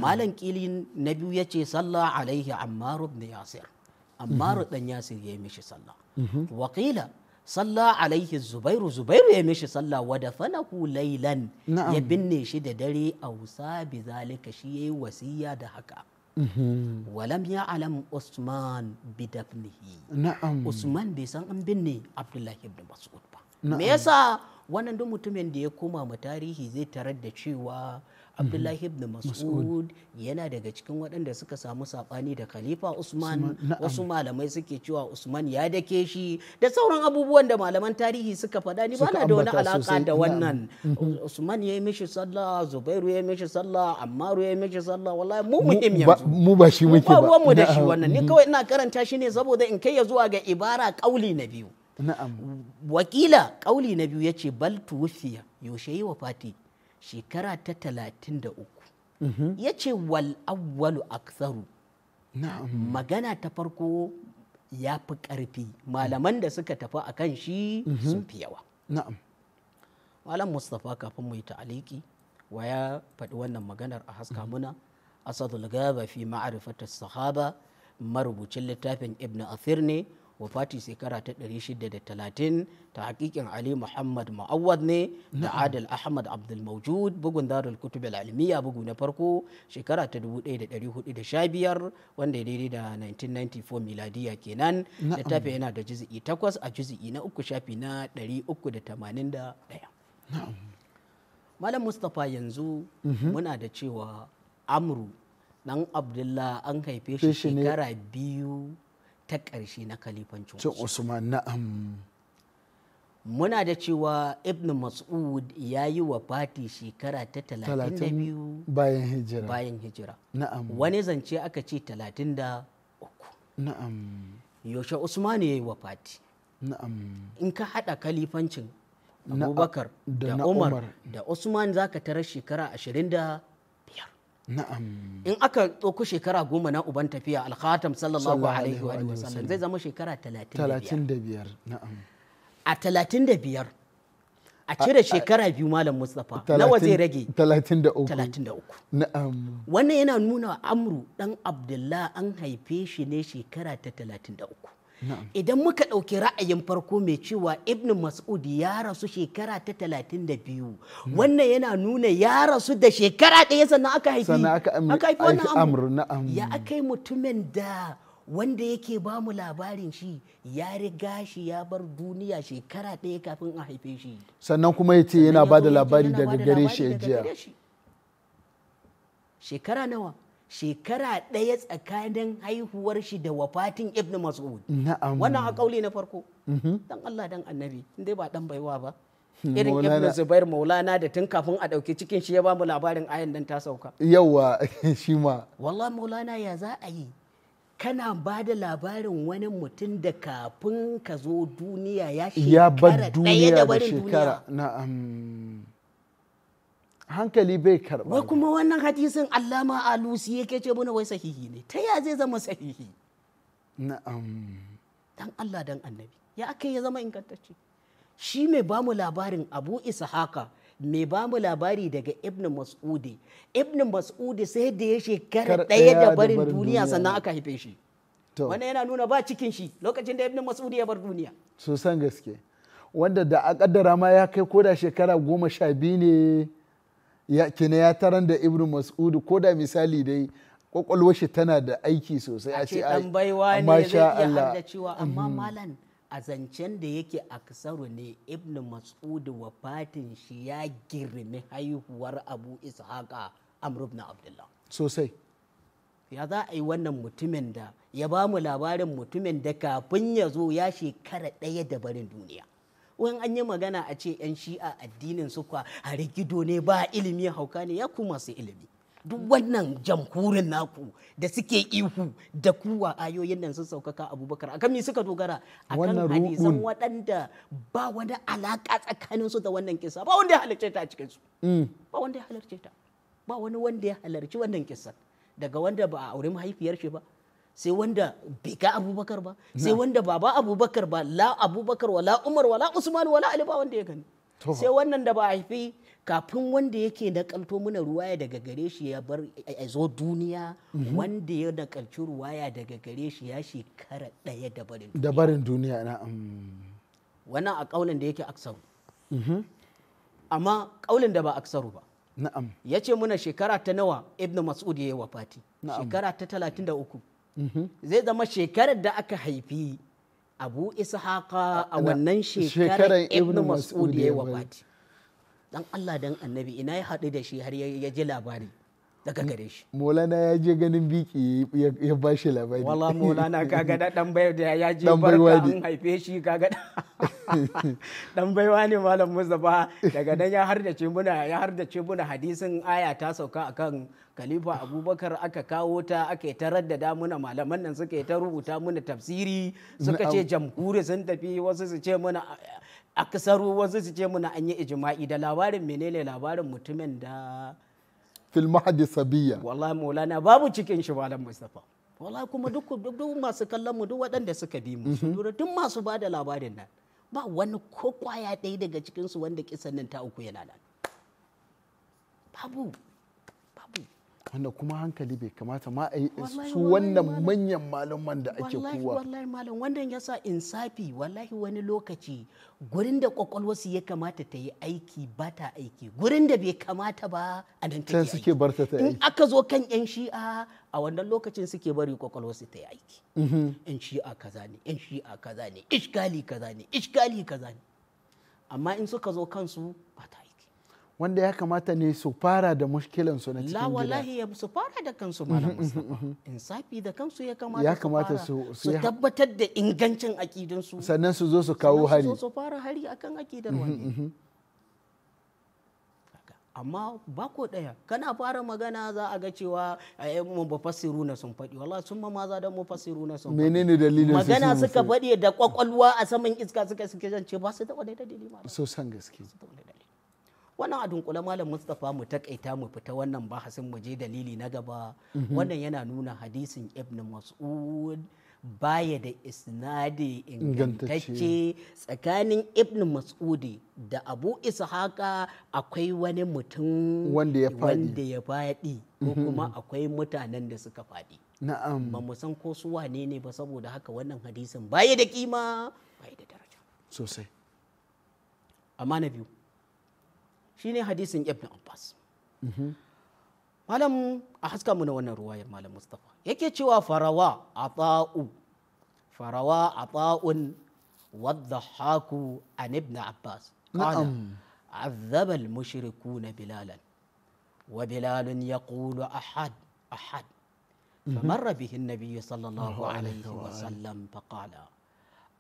malam kili na biyu ya ce sallah alaihi ammaru ibn yasir mhm. ammaru dan yasir ya yi mishi sallah mhm. wakila salla alaihi zubairu zubairu ya mishi sallah wada dafanahu laylan ya binne shi da dare a wusa bi zalika shi yi wasiya da haka mhm. walam ya alam usman bi dafnihi usman bai san an binne abdullahi ibn mas'ud ba me yasa wannan duk mutumin da ya koma mu tarihi zai tarar da cewa abdullahi ibn mas'ud yana daga cikin waɗanda suka samu saɓani da khalifa usman wasu malamai suke cewa usman ya dake shi da sauran abubuwan da malaman tarihi suka faɗa ni bana da wani alaka da wannan mhm. usman ya yi mishi sallah zubairu ya yi mishi sallah ammaru ya yi mishi sallah wallahi mu muhim yanzu mu ba shi muke ba mu da shi wannan ni mhm. kawai ina karanta shi ne saboda in kai ya zuwa ga ibara kauli na biyu na'am wakila kauli na biyu yace bal tuwfiya yaushe yi wafati shekara ta talatin da uku mm-hmm. ya ce wal awwalu aksaru magana ta farko ya fi ƙarfi malaman da suka tafi a kan shi mm-hmm. sun fi yawa malam mustapha kafin mu yi ta'aliki wa ya faɗi wannan maganar a haska mm-hmm. muna asadul gaba fi ma'arifatar sahaba marubucin littafin ibn athir ne wafati shekara ta 630 ta hakikin ali muhammad ma'awad ne da adal ahmad abdul mawjud bugun darul kutub al'almiya bugu na farko shekara ta 1415 wanda ya daidai da 1994 miladiya kenan Da tafi yana da juzi'i takwas a juzi'i na uku shafi na 381 malam mustapha yanzu mhm. muna da cewa amru dan abdullah an haife shi shekara biyu ta ƙarshe na kalifancin Usman na'am muna da cewa ibn mas'ud ya yi wa fati shekara ta 32 bayan hijira bayan hijira na'am wani zance aka ce 33 na'am yaushe usman ya yi wa fati na'am in ka haɗa kalifancin abubakar da umar da usman za ka tarar shekara da. in aka ɗauko shekara goma na uban tafiya alkhatam sallallahu alaihi wa sallam zai zama shekara talatin da biyar a talatin da biyar a cire shekara biyu malam mustapha nawa zai rage 33 na'am wannan yana nuna amru dan abdullah an haife shi ne shekara ta uku. idan muka ɗauki ra'ayin farko mai cewa ibn mas'ud ya rasu shekara ta talatin da biyu hmm. wannan yana nuna ya rasu da shekara ɗaya sannan aka haifi aka haifi wannan amur ya aka yi mutumin da wanda yake ba mu labarin shi ya riga shi ya bar duniya shekara ɗaya kafin a haife shi sannan kuma ya ce yana ba da labari daga gare shi jiya shekara nawa shekara ɗaya tsakanin haihuwar shi da wafatin ibn mas'ud wannan a kauli na farko mhm. dan Allah dan annabi dai ba dan baiwa ba hmm, irin ibn zubair maulana da tun kafin a ɗauki cikin shi ya ba mu labarin ayan dan ta sauka yawa shi ma wallahi maulana ya za a yi kana ba da labarin wani mutum da kafin ka zo duniya ya shekara ɗaya da barin duniya na'am hankali bai karba wai kuma wannan hadisin allama alusi yake ce mana wai sahihi ne ta ya zai zama sahihi na'am dan Allah dan annabi ya aka ya zama ingantacce shi mai bamu labarin abu haka mai bamu labari daga ibn mas'udi ibn mas'udi sai da ya shekara ɗaya da barin duniya sannan aka haife shi wannan yana nuna ba cikin shi lokacin da ibn mas'udi ya bar duniya sosan gaske wanda da a kaddara ma ya kai koda shekara goma sha biyu ne ya kina ya taran da ibnu mas'ud ko da misali dai kwakwalwar shi tana da aiki sosai a ce dan baiwa ne zai da haddacewa amma mhm. malam a zancen da yake aksaru ne ibnu mas'ud wafatin shi ya girmi haihuwar abu ishaqa amr ibn abdullah sosai ya za a yi wannan mutumin da ya ba mu labarin mutumin da kafin ya zo ya shekara ɗaya da barin duniya wani an yi magana a ce 'yan shi'a addinin su kwa gido ne ba ilimi hauka ne ya ku masu ilimi duk wannan jamhurin naku da suke ihu da kuwa ayoyin nan sun saukaka abubakar akan me suka dogara akan hadisan waɗanda ba wani alaƙa tsakanin su da wannan kisa ba wanda ya halarce ta a cikin su mm. ba wanda ya halarce ta ba wani wanda ya halarci wannan kisa daga wanda ba a aure mahaifiyar shi ba sai wanda bai ga abubakar ba sai wanda baba abubakar ba la abubakar wala umar wala usman wala ali ba wanda ya gani sai wannan da ba haifi kafin wanda yake nakalto mana ruwaya daga gare shi ya bar a zo duniya mhm. wanda ya nakalci ruwaya daga gare shi ya shekara ɗaya da barin duniya da barin duniya na um. wannan a kaulin da yake aksaru mhm. amma kaulin da ba aksaru ba na'am ya ce muna shekara ta nawa ibnu mas'ud ya yi wafati shekara ta talatin da uku Mm-hmm. zai zama shekarar da aka haifi abu ishaqa a wannan shekarar ibn mas'ud ya wafati dan Allah dan annabi ina ya haɗu da shi har ya ji labari daga gare shi molana ya je ganin biki ya ba shi labari wala molana kaga da dan bai da ya je barka an haife shi kaga dan baiwa ne malam Mustapha daga nan ya hardace muna ya hardace muna hadisin aya ta sauka akan Khalifa Abubakar aka kawo ta aka yi tarar da damuna malaman nan suka yi ta rubuta muna tafsiri suka ce jamhuri sun tafi wasu su ce muna aksaru wasu su ce muna an yi ijma'i da labarin menene labarin mutumin da fil mahdi wallahi maulana babu cikin shi malam mustafa wallahi kuma duk duk masu kallon mu duk waɗanda suka bi mu su mhm. lura duk masu bada labarin nan ba wani ko kwaya ɗaya daga cikin su wanda kisan nan ta uku yana nan babu wanda kuma hankali bai kamata ma a yi su wannan manyan malaman da ake kowa wallahi malam wannan ya sa insafi wallahi wani lokaci gurin da kwakwalwarsu ya kamata ta yi aiki ba ta aiki gurin da bai kamata ba a nan ta suke aiki. ta in aka zo kan yan shi'a a wannan lokacin suke bari kwakwalwarsu ta yi aiki yan mm-hmm. shi'a kaza ne yan shi'a kaza ne ishkali kaza ne ishkali kaza ne amma in suka zo kansu ba ta wanda ya kamata ne su fara da mushkilansu na cikin gida. lawala wallahi ya su fara da kansu malam insafi da kansu ya kamata su fara. su tabbatar da ingancin akidan sannan su zo su kawo hari su fara hari kan akidar mhm, wani mhm. amma bako ɗaya kana fara magana za a ga cewa ayyan mu mufassiru na sun faɗi wallahi sun ma maza da mufassiru na sun faɗi menene dalilin su magana suka faɗi da ƙwaƙwalwa a saman iska suka suke zance ba su da wani dalili ma so san gaske wannan a dunkule malam mustapha mu takaita mu fita wannan bahasin mu je dalili na gaba mhm. wannan yana nuna hadisin ibn mas'ud baya da isnadi ingantacce tsakanin ibn mas'udi da abu ishaqa akwai wani mutum wanda ya faɗi ko mhm. kuma akwai mutanen da suka faɗi na'am ba mu san ko su wane ne ba saboda haka wannan hadisin baya da kima baya da daraja sosai amma na biyu shine hadisin ibn abbas malam a haska mu na wannan ruwayar malam mustafa yake cewa farawa ata'u farawa ata'un an ibn abbas عباس قال al mushrikun المشركون بلالا وبلال يقول ahad أحد فمر به النبي صلى الله عليه وسلم فقال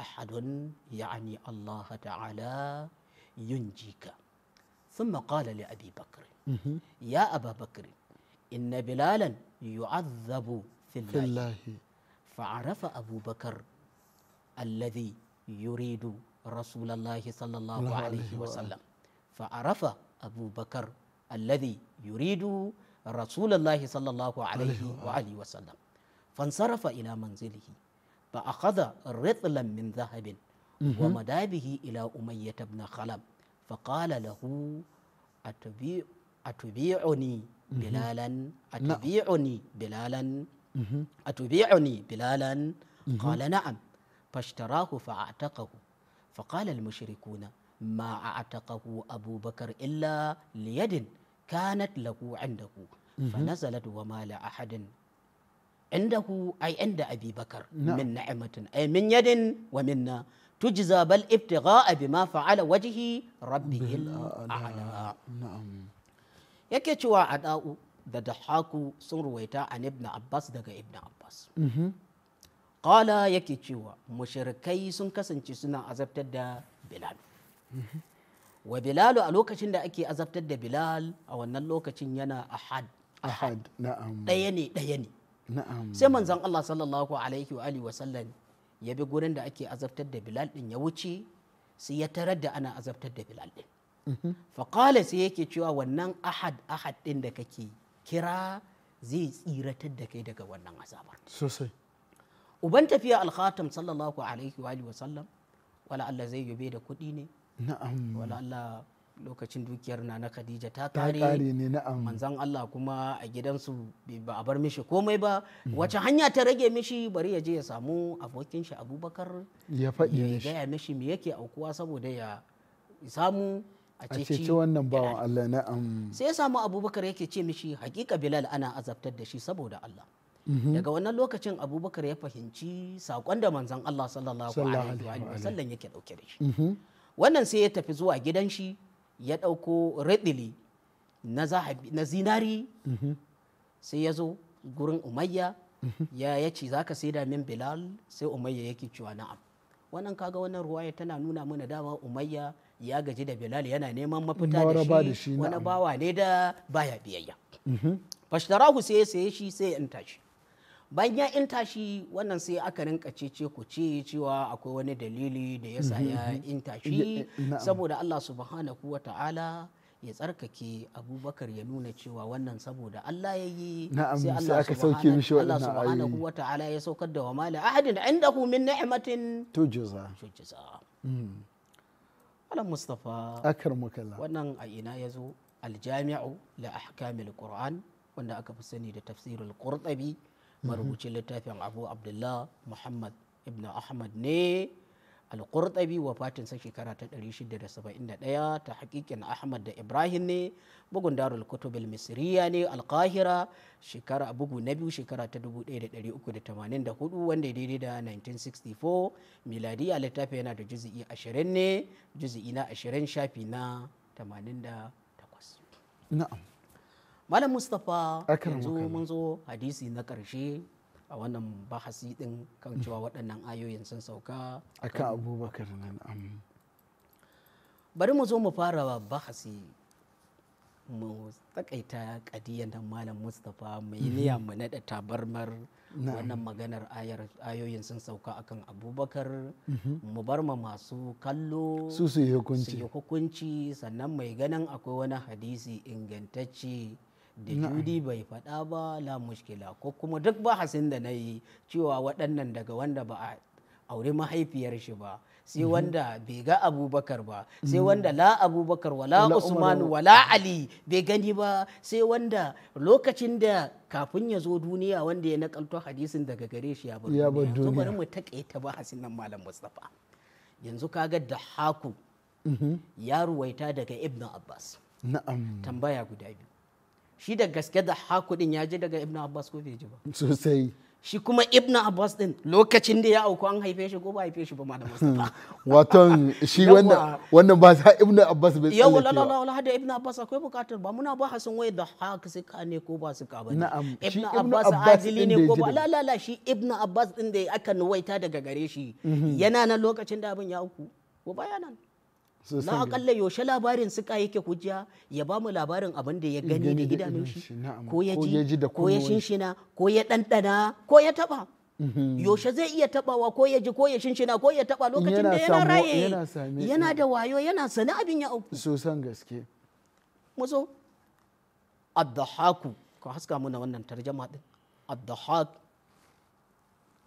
أحد يعني الله تعالى ينجيك ثم قال لأبي بكر يا أبا بكر إن بلالا يعذب في الله, في الله. فعرف أبو بكر الذي يريد رسول الله صلى الله, الله عليه وسلم فعرف أبو بكر الذي يريد رسول الله صلى الله عليه وآله وسلم فانصرف إلى منزله فأخذ رطلا من ذهب ومدى به إلى أمية بن خلب فقال له أتبيع أتبيعني بلالا نعم. أتبيعني بلالا أتبيعني بلالا قال نعم فاشتراه فأعتقه فقال المشركون ما أعتقه أبو بكر إلا ليد كانت له عنده فنزلت وما لأحد عنده أي عند أبي بكر نعم. من نعمة أي من يد ومن tujza bal ibtigha'a bima fa'ala wajhi rabbihil a'la yake cewa ada'u da dahaku sun ruwaita an ibn abbas daga ibn abbas qala yake cewa mushrikai sun kasance suna azabtar da bilal wa bilalu a lokacin da ake azabtar da bilal a wannan lokacin yana ahad ahad na'am ɗaya ne ɗaya ne na'am sai manzan Allah sallallahu alaihi wa alihi wa sallam ya bi gurin da ake azabtar da bilal din ya wuce sai ya tarar da ana azabtar da bilal din mhm. faƙala sai yake cewa wannan ahad ahad din da kake kira zai tsiratar da kai daga wannan azabar sosai uban tafiya alkhatam sallallahu alaihi wa sallam wala Allah zai yube da kuɗi ne na'am wala Allah lokacin dukiyar na na khadija ta kare manzan allah kuma a gidansu ba a bar mishi komai ba mhm. wace hanya ta rage mishi bari ya je ya samu abokin shi abubakar ya gaya mishi me yake aukuwa saboda ya samu a ceci wannan bawan allah na'am sai ya samu abubakar yake ce mishi hakika bilal ana azabtar da shi saboda allah mhm. daga wannan lokacin abubakar ya fahimci saƙon da manzan allah sallallahu alaihi wa sallam yake dauke da shi mhm. wannan sai ya tafi zuwa gidan shi ya ɗauko raɗili na zinari mhm. sai ya zo gurin umayya mhm. ya ya ce za ka saida min bilal sai umayya yake cewa na'am wannan kaga wannan ruwaya tana nuna mana dama umayya ya gaji da bilal yana neman mafita da shi wani bawa ne da baya biyayya mhm. fashtarahu sai ya saye shi sai ya inta shi bayan ya inta shi wannan sai aka rinka cece ku ce cewa akwai wani dalili da ya sa ya mm-hmm. inta shi eh, saboda Allah subhanahu wa ta'ala ya tsarkake abubakar ya nuna cewa wannan saboda Allah ya yi sai Allah subhanahu wa ta'ala ya saukar da wa mali. ahadin indahu min ni'matin tujza tujza mm. Alan Mustapha kala. wannan a ina yazo zo aljami'u la ahkamil Qur'an wanda aka fi sani da tafsirul Qurtubi marubucin littafin abu abdullah muhammad ibn ahmad ne wa qurtabi wafatinsa shekara ta 671 ta hakikin ahmad da ibrahim ne bugun darul kutubul misriya ne alkahira shekara bugu na biyu shekara ta 1384 wanda ya daidai da 1964 Miladi a littafi yana da juzi'i 20 ne juzi'i na 20 shafi na 88 na'am malam mustapha yanzu mun zo hadisi na karshe a wannan bahasi din kan cewa waɗannan ayoyin sun sauka akan abubakar nan am bari mu zo mu fara bahasi mu takaita kadiyan nan malam mustapha mai niyya mhm. mu naɗa tabarmar wannan maganar ayoyin sun sauka akan abubakar mhm. mu bar ma masu kallo su su yi hukunci sannan mai ganin akwai wani hadisi ingantacce da judi bai faɗa ba la mushkila ko kuma duk ba bahasin da na yi cewa waɗannan daga wanda ba a aure mahaifiyar shi ba sai mhm. wanda bai ga abubakar ba sai mhm. wanda la abubakar wala usman wala ali bai gani ba sai wanda lokacin da kafin ya zo duniya wanda ya nakalto hadisin daga gare shi ya bar duniya to bari mu takaita bahasin nan malam mustafa yanzu kaga da haku mhm. ya ruwaita daga ibnu abbas na'am tambaya guda biyu shi da gaske da hakudin ya ji daga ibn abbas ko bai ji ba sosai shi kuma ibn abbas din lokacin da ya auku an haife shi ko ba haife shi ba malam mustafa waton shi wannan wannan ba sa ibn abbas bai tsaya yau la la la hada ibn abbas akwai bukatar ba muna ba hasan wai da hak ka ne ko ba su ka ba na'am shi ibn abbas adili ne ko ba la la la shi ibn abbas din da aka nuwaita daga gare shi mhm. yana nan lokacin da abin ya auku ko baya nan na akalla yaushe labarin suka yake hujja ya ba mu labarin abin da ya gani da idanun shi ko ya ji ko ya shinshina ko ya ɗanɗana ko ya taɓa yaushe zai iya tabawa ko ya ji ko ya shinshina ko ya taba lokacin da yana raye yana da wayo yana sani abin ya auku sosan gaske muzo addahaku ka haska muna wannan tarjama din addahaku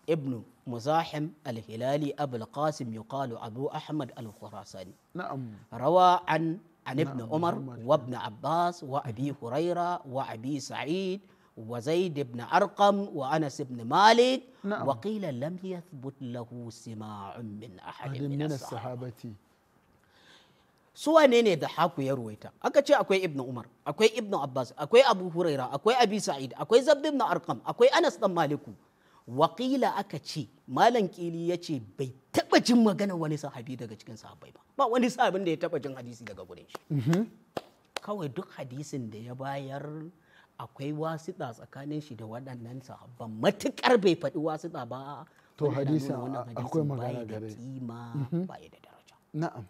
ابن مزاحم الهلالي أبو القاسم يقال أبو أحمد الخراساني نعم روى عن عن ابن نعم عمر نعم،, نعم. وابن عباس وأبي هريرة وأبي سعيد وزيد بن أرقم وأنس بن مالك نعم. وقيل لم يثبت له سماع من أحد من, من الصحابة suwa نيني دحاكو يرويتا haku ya ruwaita aka ce akwai ibnu umar akwai ibnu abbas akwai abu huraira akwai abi sa'id akwai zabbin na arkam Wakila aka ce malam Kili ya ce bai taɓa jin magana wani sahabi daga cikin sahabbai ba ba wani sahabin da ya taɓa jin hadisi daga gurin shi mm-hmm. kawai duk hadisin da ya bayar akwai wasiɗa tsakanin shi da waɗannan sahabban matuƙar bai faɗi wasiɗa ba to hadisin akwai magana mm-hmm. da daraja na'am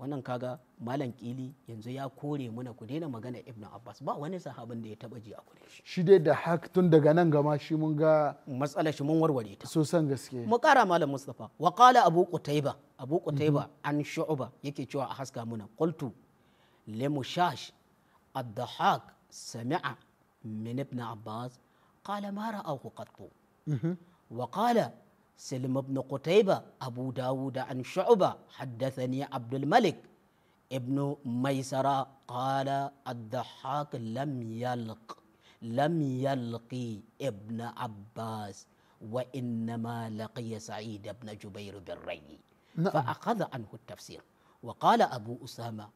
wannan kaga malam kili yanzu ya kore muna ku daina magana ibn abbas ba wani sahabin da ya taba ji a kure shi shi dai da hak tun daga nan gama shi mun ga matsala shi mun warware ta so san gaske mu kara malam mustafa wa qala abu qutaiba abu qutaiba mhm. an shu'ba yake cewa a haska muna qultu mushash ad-dahak sami'a min ibn abbas qala ma ra'ahu qattu mhm. wa qala سلم بن قتيبة أبو داود عن شعبة حدثني عبد الملك ابن ميسرة قال الضحاك لم يلق لم يلقي ابن عباس وإنما لقي سعيد بن جبير بالري نعم. فأخذ عنه التفسير وقال أبو أسامة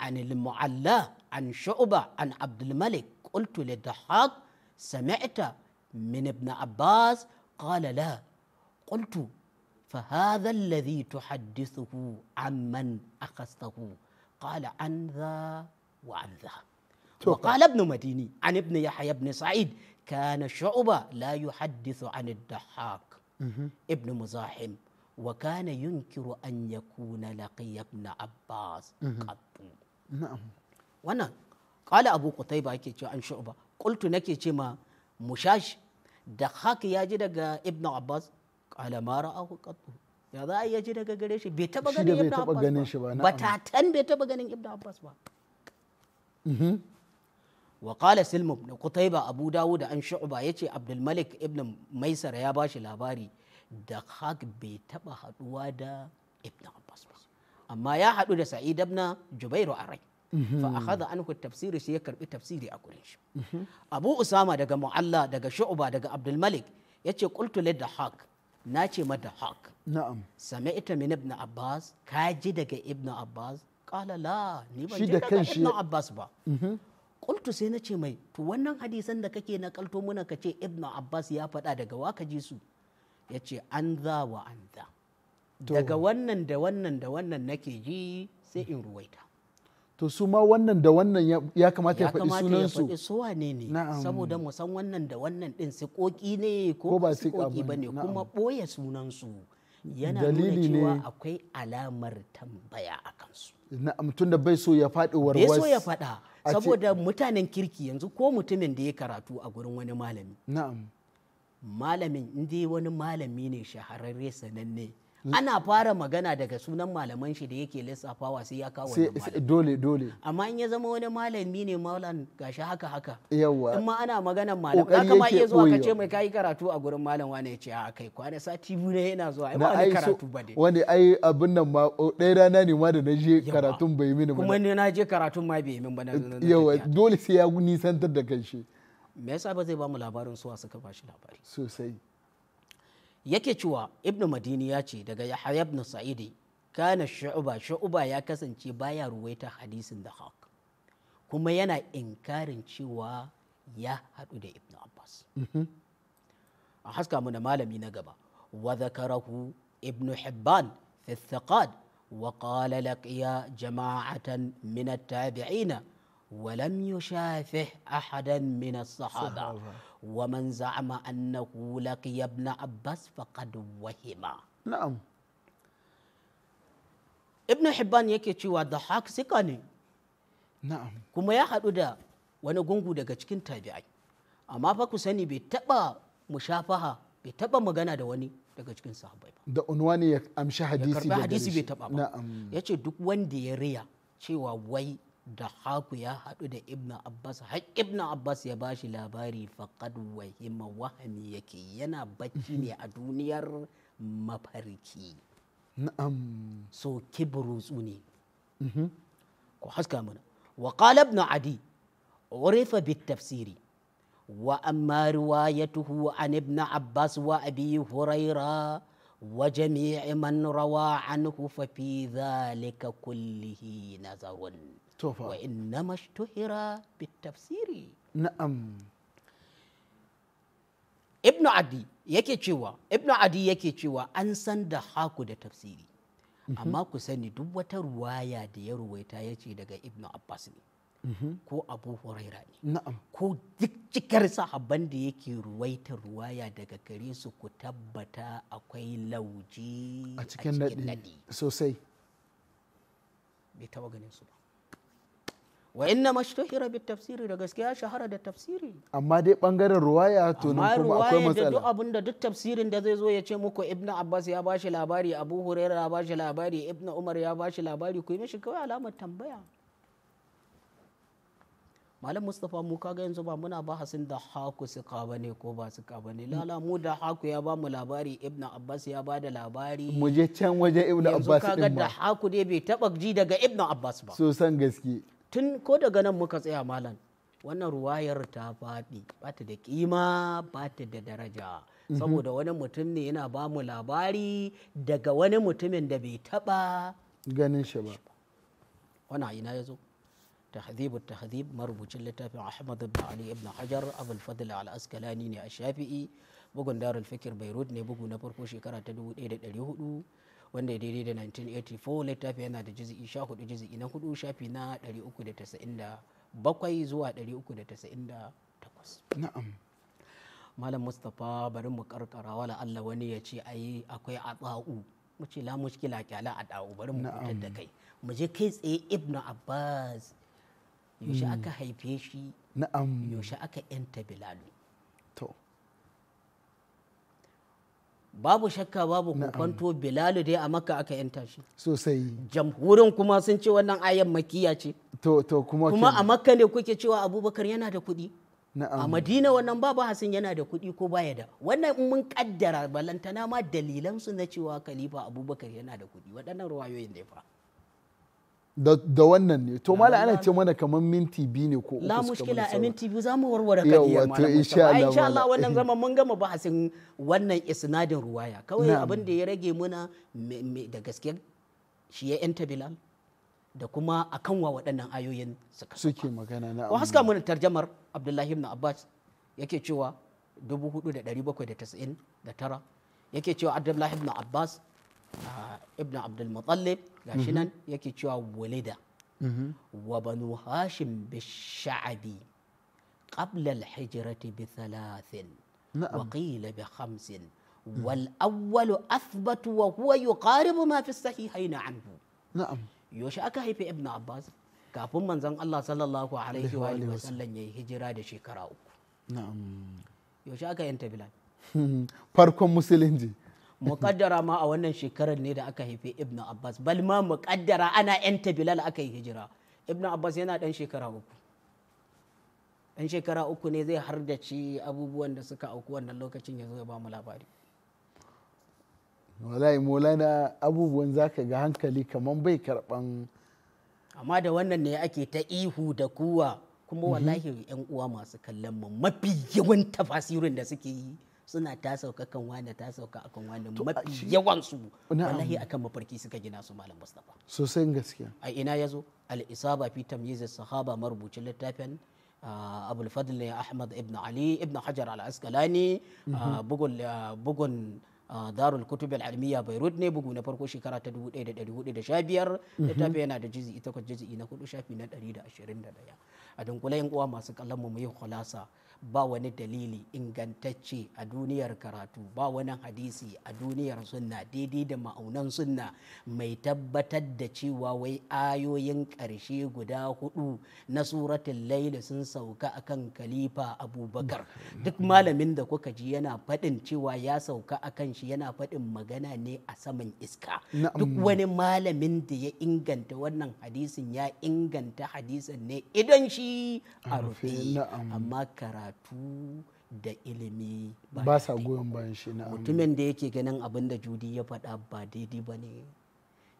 عن المعلى عن شعبة عن عبد الملك قلت للضحاك سمعت من ابن عباس قال لا qultu fa hadha alladhi tuhaddithuhu amman akastahu qala an dha wa an dha وقال ابن مديني عن ابن يحيى بن سعيد كان شعبة لا يحدث عن الضحاك ابن مزاحم وكان ينكر أن يكون لقي ابن عباس قط نعم وانا قال أبو قتيبة يكي عن شعبة قلت نكي ما مشاش ضحاك يجي ابن عباس qala ma ra'ahu qattu ya za a ji daga gare shi bai taba ganin ibnu abbas ba batatan bai taba ganin ibnu abbas ba wa qala silmu da qutayba abu dawud an shu'ba yace abdul malik ibn maisar ya bashi labari da haq bai taba haduwa da ibnu abbas ba amma ya hadu da sa'id ibn jubairu arai mm-hmm. fa akhadha anhu tafsiri sai ya karbi tafsiri a gurin shi mm-hmm. abu usama daga mu'alla daga shu'ba daga abdul malik yace qultu lid haq na ce mata haq na'am sami ita min ibn abbas ka ji daga ibn abbas kala la ni ban ji daga ibn abbas ba kultu mhm. sai na ce mai to wannan hadisan da kake na kalto muna ka ce ibn abbas ya faɗa daga wa ka ji su ya ce wa an daga wannan da wannan da wannan nake ji sai in ruwaita to su ma wannan da wannan ya kamata ya faɗi sunansu ya faɗi suwa ne ne saboda mu san wannan da wannan ɗin sikoki ne ko ba sikoki ba ne kuma ɓoye sunansu yana nuna cewa akwai alamar tambaya a kansu na'am tun da bai so ya faɗi warwas bai so ya faɗa saboda mutanen kirki yanzu ko mutumin da ya karatu a gurin wani malami na'am malamin in dai wani malami ne shahararre sananne ana fara magana daga sunan malaman shi da yake lissafawa sai ya kawo dole dole amma in ya zama wani malami ne malam gashi haka haka yawa amma ana magana malam ka ma iya zuwa ka ce mai kai karatu a gurin malam wani ya ce a kai kwana sati biyu ne yana zuwa ai ba ni karatu ba dai wani ai abin nan ma ɗaya rana ne ma da na je karatun bai mini ba kuma ni na je karatun ma bai min ba yawa dole sai ya nisantar da kanshi me yasa ba zai ba mu labarin suwa suka ba shi labari sosai yake cewa ibn madini ya ce daga yahya ibn sa'idi kana shu'ba shu'ba ya kasance baya ruwaita hadisin da haq kuma yana inkarin cewa ya haɗu da ibn abbas mhm. a haska mu da malami na gaba wa zakarahu ibn hibban fi wa qala laqiya jama'atan min at-tabi'ina ولم يشافه أحدا من wa ومن زعم أنه لقي ابن عباس فقد وهم نعم ابن حبان yake cewa da haq sika ne kuma ya haɗu da wani gungu daga cikin tabi'ai amma fa ku sani bai taɓa mushafaha bai taɓa magana da wani daga cikin sahabbai ba da unwani ya amshi hadisi ya karɓi hadisi bai taɓa ba ya ce duk wanda ya riya cewa wai da haku ya haɗu da ibn abbas har ibn abbas ya bashi labari faqad wahima wahami yake yana bacci ne a duniyar mafarki na'am so kibrutsu ne mhm. ku haska mana wa qala ibn adi urifa bit tafsiri wa amma riwayatuhu an ibn abbas wa abi huraira wa jami'i man rawa anhu fa fi dhalika kullihi nazarun wa inna mashtuhira bitafsiri na'am ibnu adi yake cewa ibnu adi yake cewa an san da haku da tafsiri mhm. amma ku sani duk wata ruwaya da ya ruwaita ya ce daga ibnu abbas ne mhm. ko abu huraira ne ko duk cikar sahabban da yake ruwaita ruwaya daga gare su ku tabbata akwai lauji a cikin nadi sosai bai taba ganin su ba wa inna mashtuhira bit tafsiri da gaskiya shahara da tafsiri amma dai bangaren ruwaya to nan kuma akwai matsala amma ruwaya da duk tafsirin da zai zo ya ce muku ibnu abbas ya bashi labari abu huraira ya bashi labari ibnu umar ya bashi labari ku yi mishi kawai alamar tambaya malam mustapha mu kaga yanzu ba muna ba hasin da haku su kabane ko ba su kabane lala mu da haku ya ba mu labari ibnu abbas ya ba da labari mu je can waje ibnu abbas din ma yanzu kaga da haku dai bai taba ji daga ibnu abbas ba so san gaske tun ko daga nan muka tsaya malam wannan ruwayar ta faɗi ba ta da kima ba ta da daraja mhm. saboda wani mutum ne yana ba mu labari daga wani mutumin da bai taɓa ganin shi ba wana ina ya zo marubucin littafin ahmad ibn ali ibn hajar abul fadl al askalani ne a shafi'i bugun darul fikir beirut ne bugu na farko shekara ta 1400 wanda ya daidai da 1984 littafi yana da jizi'i sha hudu jizi'i na hudu shafi na 397 zuwa 398 na'am malam mustapha bari mu karkara wala allah wani ya ce ai akwai atsa'u mu ce la mushkila kyala a da'u bari mu fitar da kai mu je kai tsaye ibnu abbas yaushe hmm. aka haife shi na'am yaushe aka yanta bilalu to babu shakka babu hukunto bilalu dai a maka aka yanta shi sosai jamhurin kuma sun ce wannan ayan makiya ce to to kuma kuma a makka ne kuke cewa abubakar yana da kuɗi a madina wannan babu hasin yana da kuɗi ko baya da wannan in mun kaddara balantana ma dalilan su na cewa khalifa abubakar yana da kuɗi waɗannan ruwayoyin da ya fa da wannan ne to mala ana ce mana kamar minti biyu ne ko uku la mushkila a minti biyu zamu warware ka iya to insha Allah insha Allah wannan zama mun gama ba bahasin wannan isnadin ruwaya kawai abin da ya rage muna da gaske shi ya yanta bilal da kuma akan wa waɗannan ayoyin suka suke magana na wa haska mun tarjamar Abdullahi ibn Abbas yake cewa 4799 yake cewa Abdullahi ibn Abbas ibn abdul mutallib shi nan yake cewa walida wa banu hashim bisha'abi qabla al-hijrati bi thalathin wa qila bi khamsin wal awwal athbatu wa huwa yuqaribu ma fi sahihayn anhu na'am yaushe aka haifi ibn abbas kafin manzon Allah sallallahu alaihi wa sallam yayi hijira da shekara uku na'am yaushe aka yanta bilal farkon musulunci muƙaddara ma a wannan shekarar ne da aka haife ibnu abbas bal ma muƙaddara ana yanta bilal aka yi hijira ibnu abbas yana ɗan shekara uku ɗan shekara uku ne zai hardace abubuwan da suka auku wannan lokacin ya zo ya ba mu labari wallahi molana abubuwan zaka ga hankali kaman bai karɓan. amma da wannan ne ake ta ihu da kuwa kuma mhm. wallahi yan uwa masu kallon mu mafi yawan tafasirin da suke yi suna ta sauka kan wanda ta sauka akan wanda mafi yawan su wallahi akan mafarki suka gina su malam Mustafa sosai gaskiya a ina yazo al isaba fi tamyiz sahaba marubucin littafin ah, abul fadl ahmad ibn ali ibn hajar al asqalani ah, mhm. bugun ah, bugun darul kutub al almiya Beirut ne bugu na farko shekara ta 1415 mhm. Littafin yana da jizi ita jizi na hudu shafi na 121 a dunkule uwa masu kallon mu yi khulasa ba wani dalili ingantacce a duniyar karatu ba wani hadisi a duniyar sunna daidai da ma'aunan sunna mai tabbatar da cewa wai ayoyin ƙarshe guda hudu na suratun laili sun sauka akan kalifa abubakar duk malamin da kuka ji yana faɗin cewa ya sauka akan shi yana faɗin magana ne a saman iska duk wani malamin da ya inganta wannan hadisin ya inganta hadisin ne idan shi a rufe amma karatu karatu da ilimi ba sa goyon bayan shi na mutumin da yake ganin abin da judi ya faɗa ba daidai ba ne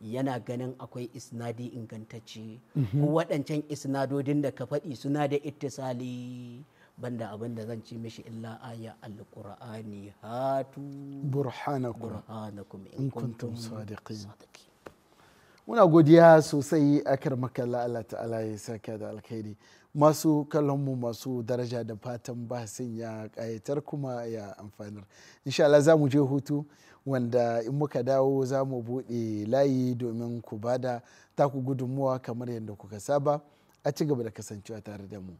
yana ganin akwai isnadi ingantacce mhm. ko waɗancan isnadodin da ka faɗi suna da ittisali banda abin da zan ci mishi illa aya alqur'ani hatu burhanakum in kuntum sadiqin muna godiya sosai a karmaka Allah ta'ala ya saka da alkhairi masu kallonmu masu daraja da fatan bahasin ya kayatar kuma ya amfanar insha Allah za mu je hutu wanda in muka dawo za mu buɗe layi domin ku bada taku gudunmuwa kamar yadda kuka saba a ci gaba da kasancewa tare da mu.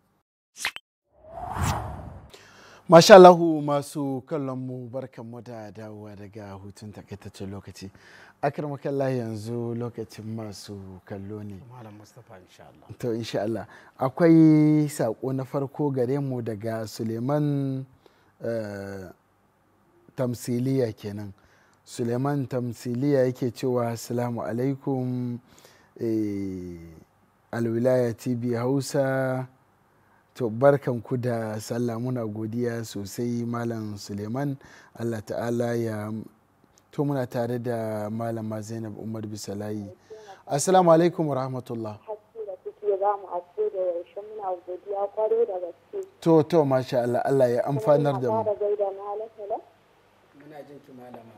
Mashallahu masu kallon barkan mu da dawowa daga hutun takaitaccen lokaci. makalla yanzu lokacin masu kallo ne. To insha Allah. Akwai saƙo na farko gare mu daga Suleiman eh, Tamsiliya kenan. Suleiman Tamsiliya yake cewa Assalamu alaikum eh, alwilaya TV Hausa. to barkan ku da sallah muna godiya sosai malam suleiman allah ta'ala ya to muna tare da Malam zainab umar bisalayi assalamu alaikum rahmatullah to to masha Allah Allah ya amfanar da mu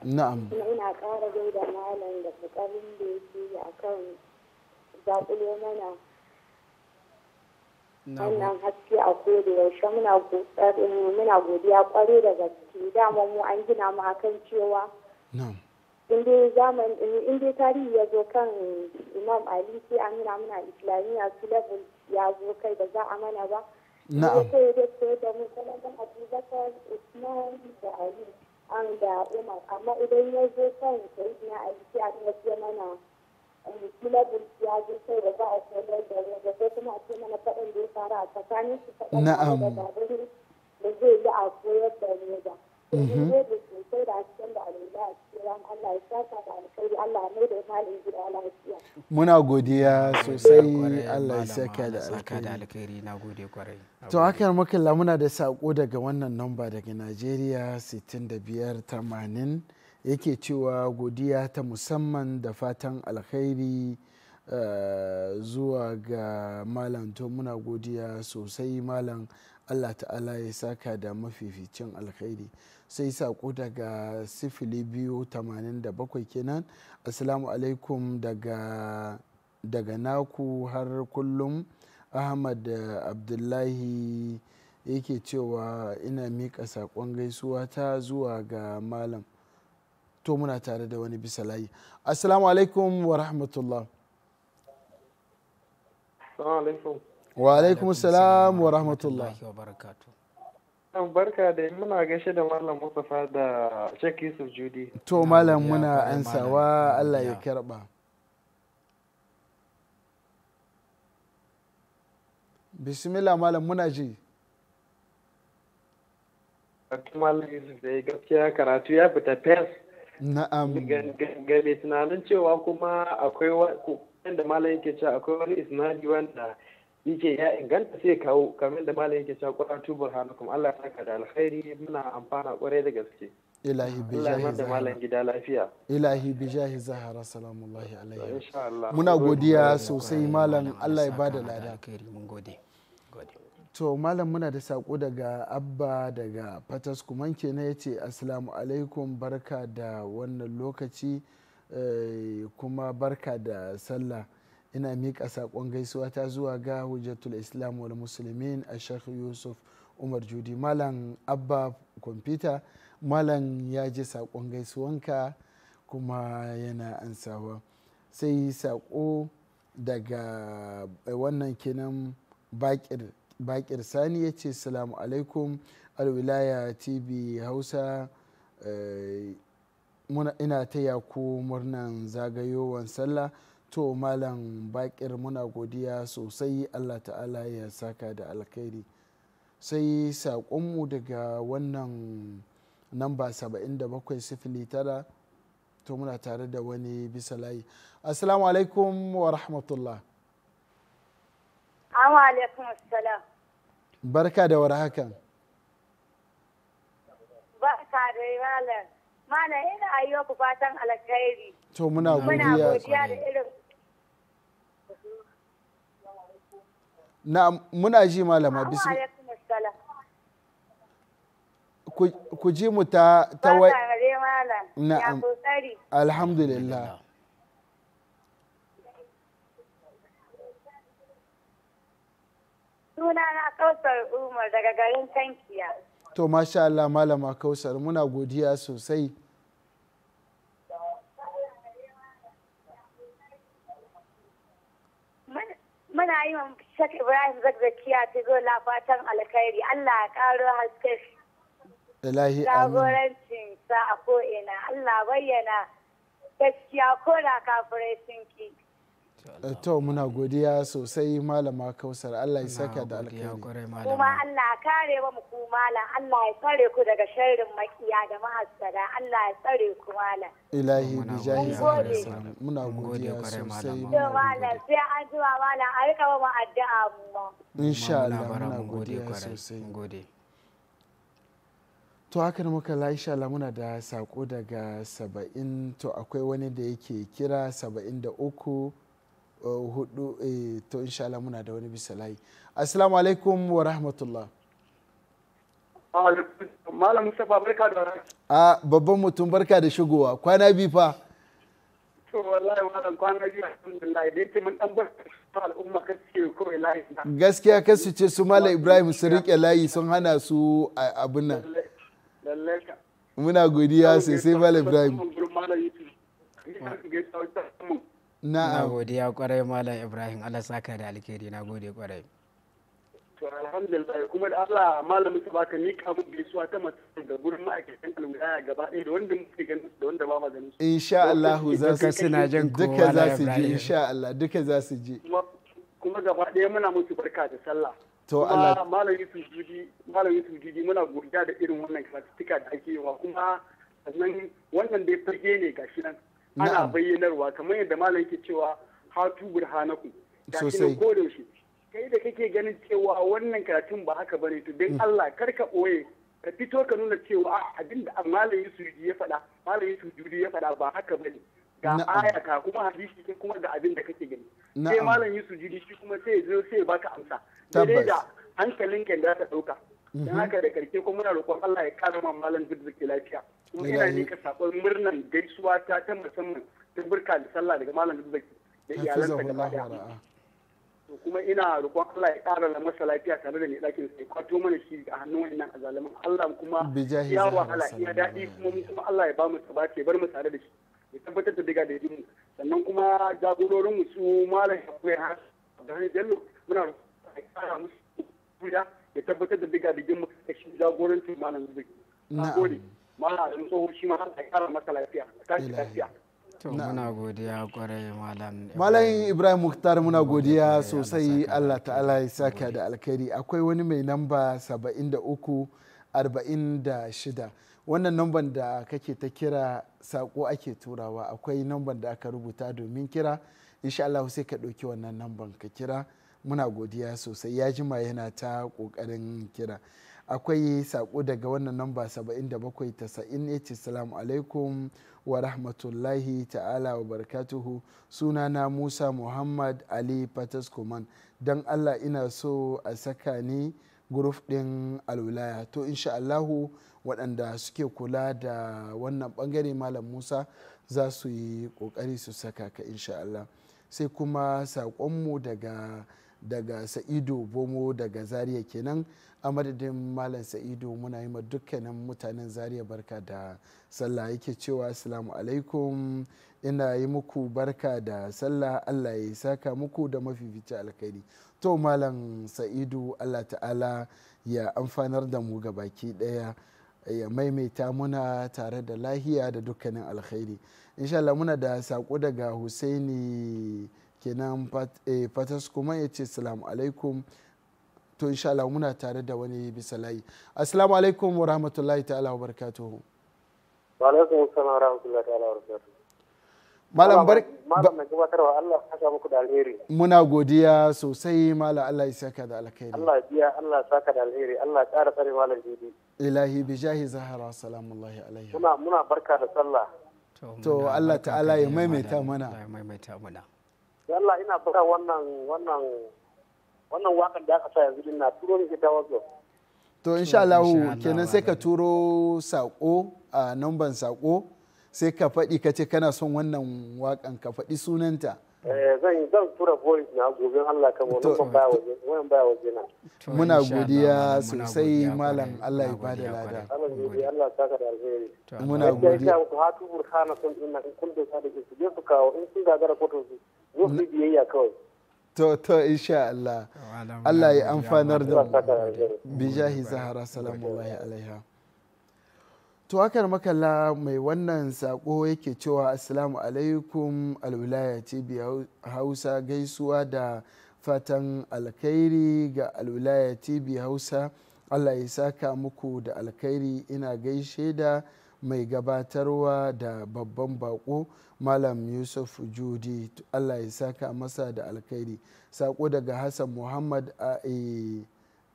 na'am ƙara gaida malam da da yake akan zaƙulo mana wannan haske a koda yaushe muna godiya kwarai da gaske dama mu an gina mu a kan cewa inda tarihi ya zo kan imam ali sai an nuna muna islamiyya su level ya zo kai da za a mana ba na'am sai da sai da mu kana kan abubakar usman da ali an da umar amma idan ya zo kan sayyidina ali sai a ga mana na'am Muna godiya mhm. sosai Allah ya saka da alkhairi. na gode kwarai. To haka makalla muna da saƙo daga wannan namba daga Najeriya 6580 yake cewa godiya ta musamman da fatan alkhairi uh, zuwa ga malam to muna godiya sosai malam allah ta'ala ya saka da mafificin alkhairi sai sako daga sifili biyu tamanin da bakwai kenan assalamu alaikum daga daga naku har kullum ahmad eh, abdullahi yake cewa ina miƙa saƙon gaisuwa ta zuwa ga malam to muna tare da wani bisa layi assalamu alaikum wa rahmatullah wa alaikum salam wa rahmatullah barka da muna gaishe da malam Mustapha da Sheikh Yusuf Judi to malam muna ansawa Allah ya karba bismillah malam muna ji kuma lalisa da gaskiya karatu ya fita fes na'am game tunanin cewa kuma akwai wanda malam yake cewa akwai wani isnadi wanda yake ya inganta sai kawo kamar da malam yake cewa quratu burhanukum Allah ya saka da alkhairi muna amfana kwarai da gaske ilahi bi jahi zahara gida lafiya ilahi bi jahi zahara salamullahi alaihi insha Allah muna godiya sosai malam Allah ya bada lada alkhairi mun gode gode to malam muna da sako daga abba daga fatas kumanke na ya ce assalamu alaikum barka da wannan lokaci eh, kuma barka da sallah ina miƙa saƙon gaisuwa ta zuwa ga hujjatul islam wal musulmin a yusuf umar judi malam abba kwamfuta malam ya je saƙon gaisuwanka kuma yana ansawa sai saƙo daga eh, wannan kenan bakir bakir sani ya ce salamu alaikum alwilaya tv hausa eh, ina taya ku murnan zagayowar sallah to malam bakir muna godiya sosai allah ta'ala ya saka da alkhairi sai saƙonmu daga wannan namba 77 to muna tare da wani bisa layi assalamu alaikum wa rahmatullah alaikum assalam. Barka da war haka. Barka da malam. Malam ina ayyo ku fatan alkhairi. To muna godiya. Muna godiya da irin Na muna ji malama bisu. Ku ji mu ta ta wai. Na'am. Alhamdulillah. Suna na Kausar Umar daga garin Tankiya. To masha Allah malama Kausar muna godiya sosai. Muna yi wa Shek Ibrahim Zagzakiya ta zo lafatan alkhairi Allah ya karo haske. Ilahi Jagorancin sa a ko'ina Allah bayyana gaskiya ko da kafirai sun ki. Eh, to muna godiya sosai malama kausar Allah ya saka da alkhairi kuma Allah kare wa mu ku malam Allah ya tsare ku daga sharrin makiya da mahassara Allah ya tsare ku malam ilahi bi jahi muna godiya sosai to malam sai an wa malam a rika wa addu'a mu insha Allah muna godiya sosai gode to haka da muka Allah muna da sako daga saba'in to akwai wani da yake kira saba'in da uku hudu eh, to insha Allah muna da wani bisa layi assalamu alaikum wa rahmatullah malam mustapha barka da a babban mutum barka da shigowa kwana biyu fa to wallahi malam kwana biyu alhamdulillah dai ce mun dan bar al'umma ka ce ko layi gaskiya ka su ce su malam ibrahim su rike layi sun hana su abin nan muna godiya sosai malam ibrahim na godiya kwarai malam ibrahim allah saka da alkhairi na gode kwarai to alhamdulillah kuma da Allah malamin ka baka ni kamu gaisuwa ta musamman da gurin ma'aikatan alwilaya gaba ɗaya da wanda muke ganin da wanda ba ma ganin insha Allah za su suna jan duka za su ji insha Allah duka za su ji kuma gaba ɗaya muna musu barka da sallah to Allah malam Yusuf Judi malam Yusuf Judi muna godiya da irin wannan karatuka da ake yi wa kuma sannan wannan dai fage ne gashi nan ana bayyanarwa kamar yadda malam yake cewa hatu burhanaku sosai ko da shi kai da kake ganin cewa wannan karatun ba haka bane to dan mm. Allah kar ka boye ka fito ka nuna cewa abin da malam Yusuf ya faɗa malam Yusudi ya faɗa ba haka bane ga aya ka kuma hadisi ke kuma ga abin da kake gani sai malam Yusudi shi kuma sai ya zo sai ya baka amsa dai da hankalin kan da ta dauka don mhm. haka da karshe kuma muna roƙon Allah ya kare mu malam zuzuki lafiya kuma ina ne ka sakon murnan gaisuwa ta ta musamman ta burka da sallah daga malam zuzuki da iyalansa gaba daya kuma ina roƙon Allah ya ƙara da masa lafiya tare da mai ɗakin sai kwato mana shi a hannun wannan azaliman Allah kuma ya wahala ya daɗi kuma mu kuma Allah ya ba mu sabati ya bar mu tare da shi ya tabbatar da daga da mu sannan kuma jagororin mu su malam ya koyar da Jallo muna roƙon Allah ya ƙara musu ya tabbatar da biga diga digin da shi jagorancin malam zubi na gode malam tsoho shi ma a kara masa lafiya tashi lafiya muna godiya kwarai malam malam ibrahim muktar muna godiya sosai allah ta'ala ya saka da alkhairi akwai wani mai namba 7346 wannan namban da kake ta kira sako ake turawa akwai namban da aka rubuta domin kira insha Allah sai ka ɗauki wannan namban ka kira 7346 muna godiya sosai ya jima yana ta kokarin kira akwai sako daga wannan namba 77 salamu alaikum wa rahmatullahi ta'ala wa barakatuhu sunana musa muhammad ali koman don allah ina so a saka ni guruf ɗin alwilaya to insha allahu waɗanda suke kula da wannan bangare malam musa za su yi ƙoƙari su saka ka insha allah sai kuma saƙonmu daga daga sa'idu bomo daga zaria kenan a madadin malam sa'idu muna yi ma dukkanin mutanen zaria barka da sallah yake cewa assalamu alaikum ina yi muku barka da sallah allah ya saka muku da mafifici alkhairi to malam sa'idu allah ta'ala ya amfanar da mu ga baki daya ya maimaita muna tare da lahiya da dukkanin alkhairi insha Allah muna da saƙo daga husaini kenan eh, fatas kuma ya ce salamu alaikum to insha Allah muna tare da wani bisa layi assalamu alaikum wa rahmatullahi ta'ala wa barakatuhu wa alaikum assalam wa rahmatullahi ta'ala wa barakatuhu malam bar malam na gabatarwa Allah ya saka muku da alheri muna godiya sosai malam Allah ya saka da alheri Allah ya biya Allah ya saka da alheri Allah ya ƙara tsare malam jidi ilahi jahi zahara salamu alaihi muna muna barka da sallah to Allah ta'ala ya maimaita mana ya maimaita mana Yalla ina buga wannan wannan wannan wakan da aka sa yanzu din na turo ni ta wazo to insha Allah kenan sai ka turo sako a numban sako sai ka faɗi ka ce kana son wannan wakan ka faɗi sunanta eh, zan zan tura voice na gobe Allah kan wannan baya waje baya waje na muna godiya sosai malam Allah ya bada lada Allah ya Allah saka da alheri muna godiya ku hatu burhana sun inna kun da su je su kawo in sun gagara kotu su zo biyayya kawai to to insha Allah Allah ya amfanar da bijahi zahara salamullahi alaiha to haka makalla mai wannan sako yake cewa assalamu alaikum alwilaya tv hausa gaisuwa da fatan alkhairi ga alwilaya tv hausa allah ya saka muku da alkhairi ina gaishe da mai gabatarwa da babban bako malam yusuf judi allah ya saka masa da alkhairi sako daga hassan muhammad a e,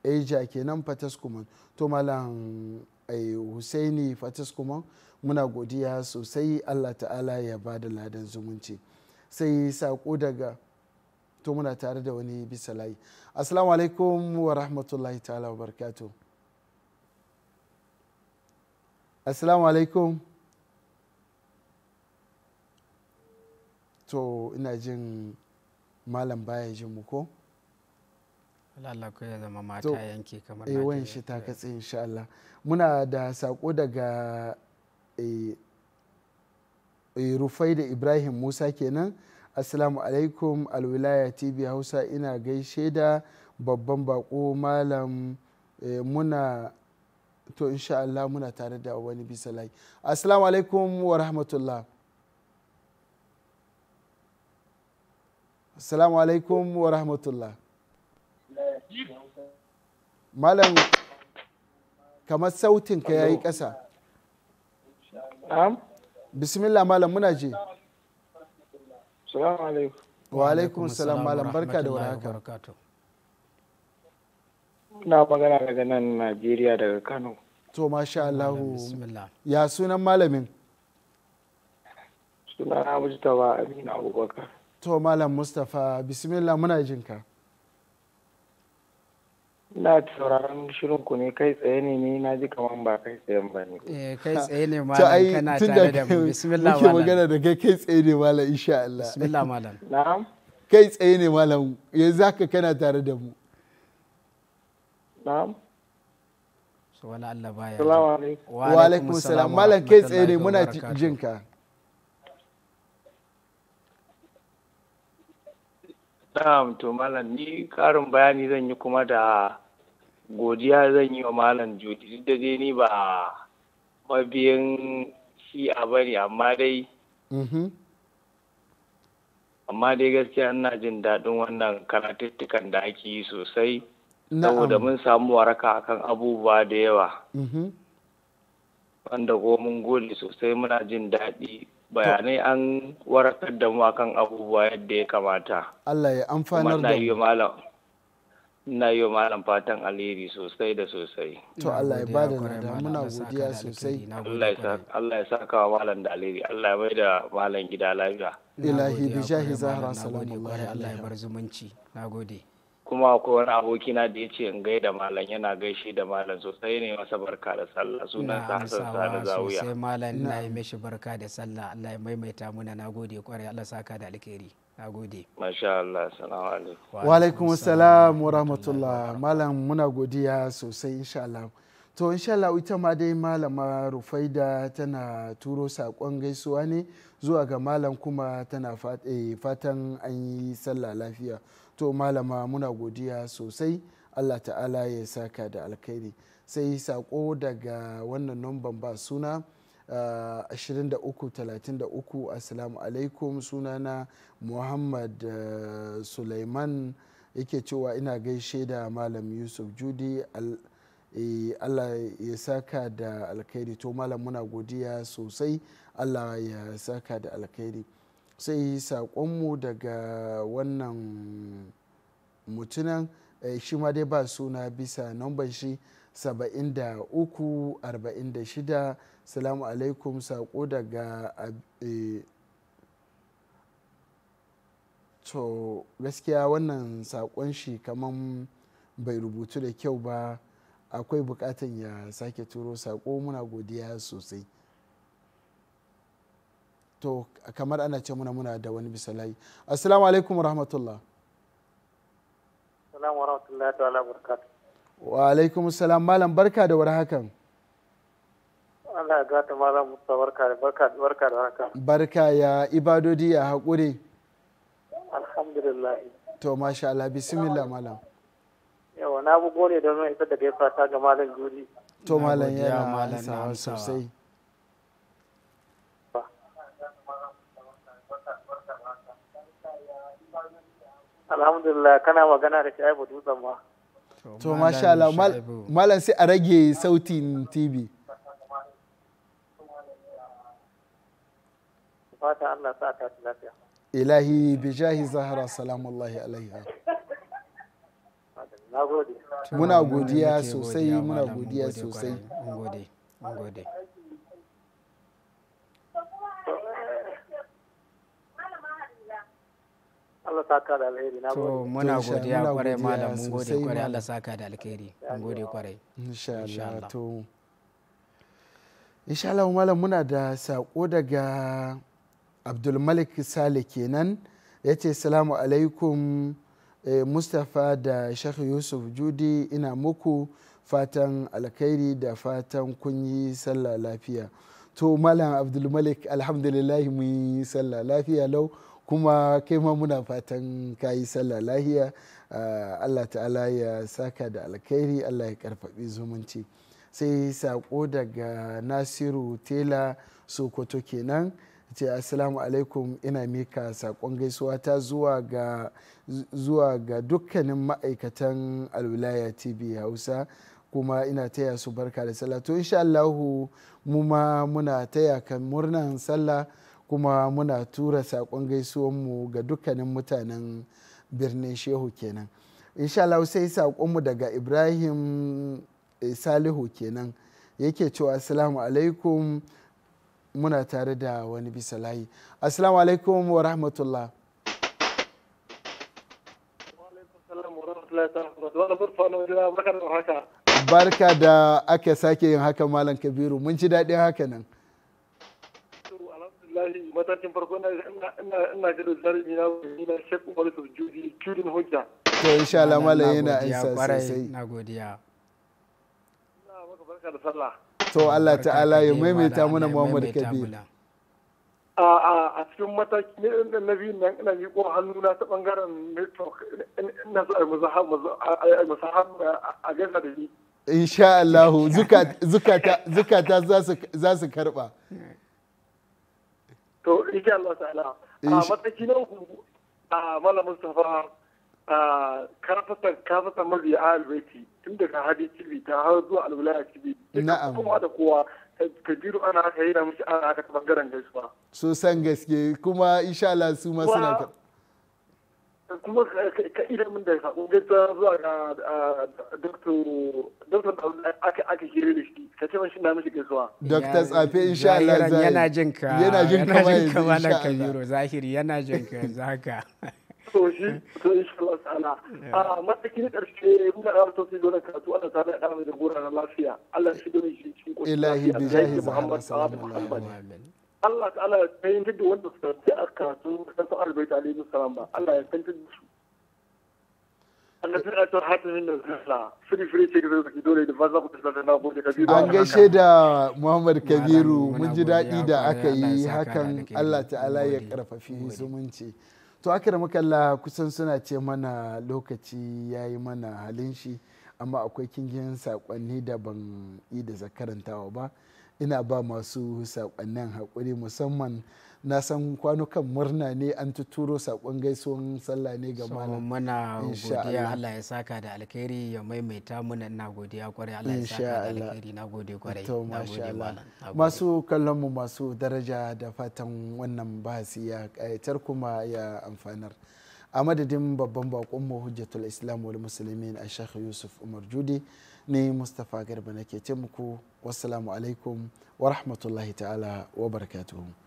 asia kenan fataskuman to malam e, husaini fataskuman muna godiya sosai allah ta'ala ya ba da ladan zumunci sai sako daga to muna tare da wani bisa layi assalamu alaikum wa rahmatullahi ta'ala wa barkatu assalamu alaikum to ina jin malam baya jin mu ko Allah ko ya zama mata yanke kamar eh, na wayan shi ta eh. katse insha Allah muna da sako daga e, Rufai da Ibrahim Musa kenan assalamu alaikum alwilaya tv hausa ina gaishe da babban bako malam muna to insha Allah muna tare da wani bisa layi assalamu alaikum wa rahmatullah assalamu alaikum wa rahmatullah malam kamar sautin ka yayi ƙasa bismillah malam muna je wa alaikum salam malam barka da warhaka na magana daga nan najeriya daga kano to masha allahu ya sunan malamin suna mustapha aminu abubakar to malam mustapha bismillah muna jinka na sauraron shirin ku ne kai tsaye ne ni na ji kamar ba kai tsaye ba ne eh kai tsaye ne malam kana tare da mu bismillah malam Muke magana da kai kai tsaye ne malam insha Allah bismillah malam na'am kai tsaye ne malam yanzu haka kana tare da mu na'am wala Allah baya salamu alaikum wa alaikum salam malam kai tsaye ne muna jin ka na'am to malam ni karin bayani zan yi kuma da godiya zan yi wa malam jodi duk da dai ni ba mabiyin shi a bane amma dai mm-hmm. amma dai gaskiya ina jin daɗin wannan karatuttukan da ake yi sosai saboda mun samu waraka akan abubuwa da yawa mm-hmm. wanda ko mun gode sosai muna jin daɗi bayanai an warakar da mu akan abubuwa yadda ya kamata Allah ya amfanar da mu na yi wa malam fatan alheri sosai da sosai. To Allah ya bada da muna godiya sosai. Allah ya saka wa malam da alheri Allah ya mai da malam gida lafiya. Ilahi bi jahi zahra salamu Allah ya bar zumunci. Na gode. kuma akwai wani abokina da ya ce in gaida malam yana gaishe da malam sosai ne masa barka da sallah sunan sa Hassan Sani Zawiya sosai malam na yi mishi barka da sallah Allah ya maimaita muna nagode kwarai Allah saka da alkhairi nagode masha Allah assalamu alaikum wa alaikum assalam wa rahmatullah malam muna godiya sosai insha Allah to insha Allah ita ma dai malama Rufaida tana turo sakon gaisuwa ne zuwa ga malam kuma tana eh, fatan an yi sallah lafiya to malama muna godiya sosai allah ta'ala ya saka da alkhairi sai sako daga wannan numban ba suna uh, ah, 2333 assalamu alaikum sunana muhammad uh, suleiman yake cewa ina gaishe da malam yusuf judi eh, allah ya saka da alkhairi to malam muna godiya sosai allah ya saka da alkhairi sai saƙonmu daga wannan mutunan eh, shi ma dai ba suna bisa nomban shi 7346 salamu alaikum saƙo daga eh, to gaskiya wannan saƙon shi kaman bai rubutu da kyau ba akwai buƙatan ya sake turo saƙo muna godiya sosai to kamar ana ce muna muna da wani bisalai assalamu alaikum rahmatullah assalamu rahmatullahi ta'ala barakatuh wa alaikum salam malam barka da warhakan Allah ya gata malam Musa barka da barka da barka da haka barka ya ibadodi ya haƙuri alhamdulillah to masha Allah bismillah malam yawa na bugu ne don ita da gaisa ta ga malam Juli to malam ya malam sosai alhamdulillah kana magana da shaibu dutsen ma to masha Allah malam sai a rage sautin tv fata Allah sa ta lafiya ilahi bi jahi zahra salamu Allah alaiha muna godiya sosai muna godiya sosai mun mun gode gode Allah saka muna malam da Insha Allah malam muna da sako daga Abdulmalik Sale kenan yace salamu alaikum eh, Mustapha da Sheikh Yusuf Judi ina muku fatan alkhairi da fatan kun yi sallah lafiya. To malam Abdulmalik alhamdulillah mun yi sallah lafiya lau kuma kai ma muna fatan kayi sallah lahiya ah, allah ta'ala ya saka da alkhairi allah ya karfafi zumunci sai sako daga nasiru tela sokoto kenan ce assalamu alaikum ina mika sakon gaisuwa ta zuwa ga dukkanin ma'aikatan alwilaya tv hausa kuma ina taya su barka da sallah to insha allahu mu ma muna taya kan murnan sallah kuma muna tura saƙon mu ga dukkanin mutanen birnin shehu kenan Allah sai saƙonmu daga ibrahim eh, salihu kenan yake cewa assalamu alaikum muna tare da wani bisa layi assalamu alaikum wa rahmatullah barka da aka sake yin haka malam kabiru mun ji daɗin haka nan wallahi matakin farko na ina da zarbi na na shek umar su juji kirin hujja to insha Allah malam yana ansa sosai na godiya Allah baka barka da sallah to Allah ta'ala ya maimaita mana Muhammad Kabir a a a cikin mataki ne na biyu nan ina miƙo hannu na ta bangaren network ina so a musahar a gaisa da ni insha Allah zukata za su karba to insha Allah ta'ala a mataki na uku a malam Mustafa a kafatan kafatan mabiya albaiti tun daga hadi cibi ta har zuwa alwala cibi na'am kuma da kowa kabiru ana haka yi na mushi ana haka bangaren gaisuwa san gaske kuma insha Allah su ma suna kuma ka ilimin da sakon gaisuwa zuwa ga doktor aka aka kire da shi ka ce shi na mishi gaisuwa tsafe insha Allah zai yana jin ka yana jin ka ka zahiri yana jin ka zaka. to shi to Allah a matakin karshe muna da wato sai dole karatu Allah ta da mai da gora na lafiya Allah shi dole shi cikin ilahi bi jahi Muhammad sallallahu alaihi wa sallam Allah ta'ala ya fahimtar da wanda suka ce a karatu san su arbai ta alaihi salam ba Allah ya fahimtar da su an gaishe da muhammad kabiru mun ji daɗi da aka yi hakan allah ta'ala ya karfafi zumunci to aka da makalla kusan suna ce mana lokaci ya yi mana halin shi amma akwai kingiyar saƙonni da ban yi da zakarantawa ba ina ba masu saƙonnin haƙuri musamman na san kwanukan murna ne an tuturo saƙon gaisuwan sallah ne ga malam muna godiya Allah ya saka da alkhairi ya maimaita muna ina godiya kwarai Allah ya saka da alkhairi na gode kwarai masu kallon mu masu daraja da fatan wannan bahasi ya kayatar kuma ya amfanar a madadin babban bakon mu hujjatul islam wal muslimin a yusuf umar judi ni mustapha garba nake ce muku wassalamu alaikum wa rahmatullahi ta'ala wa barakatuhu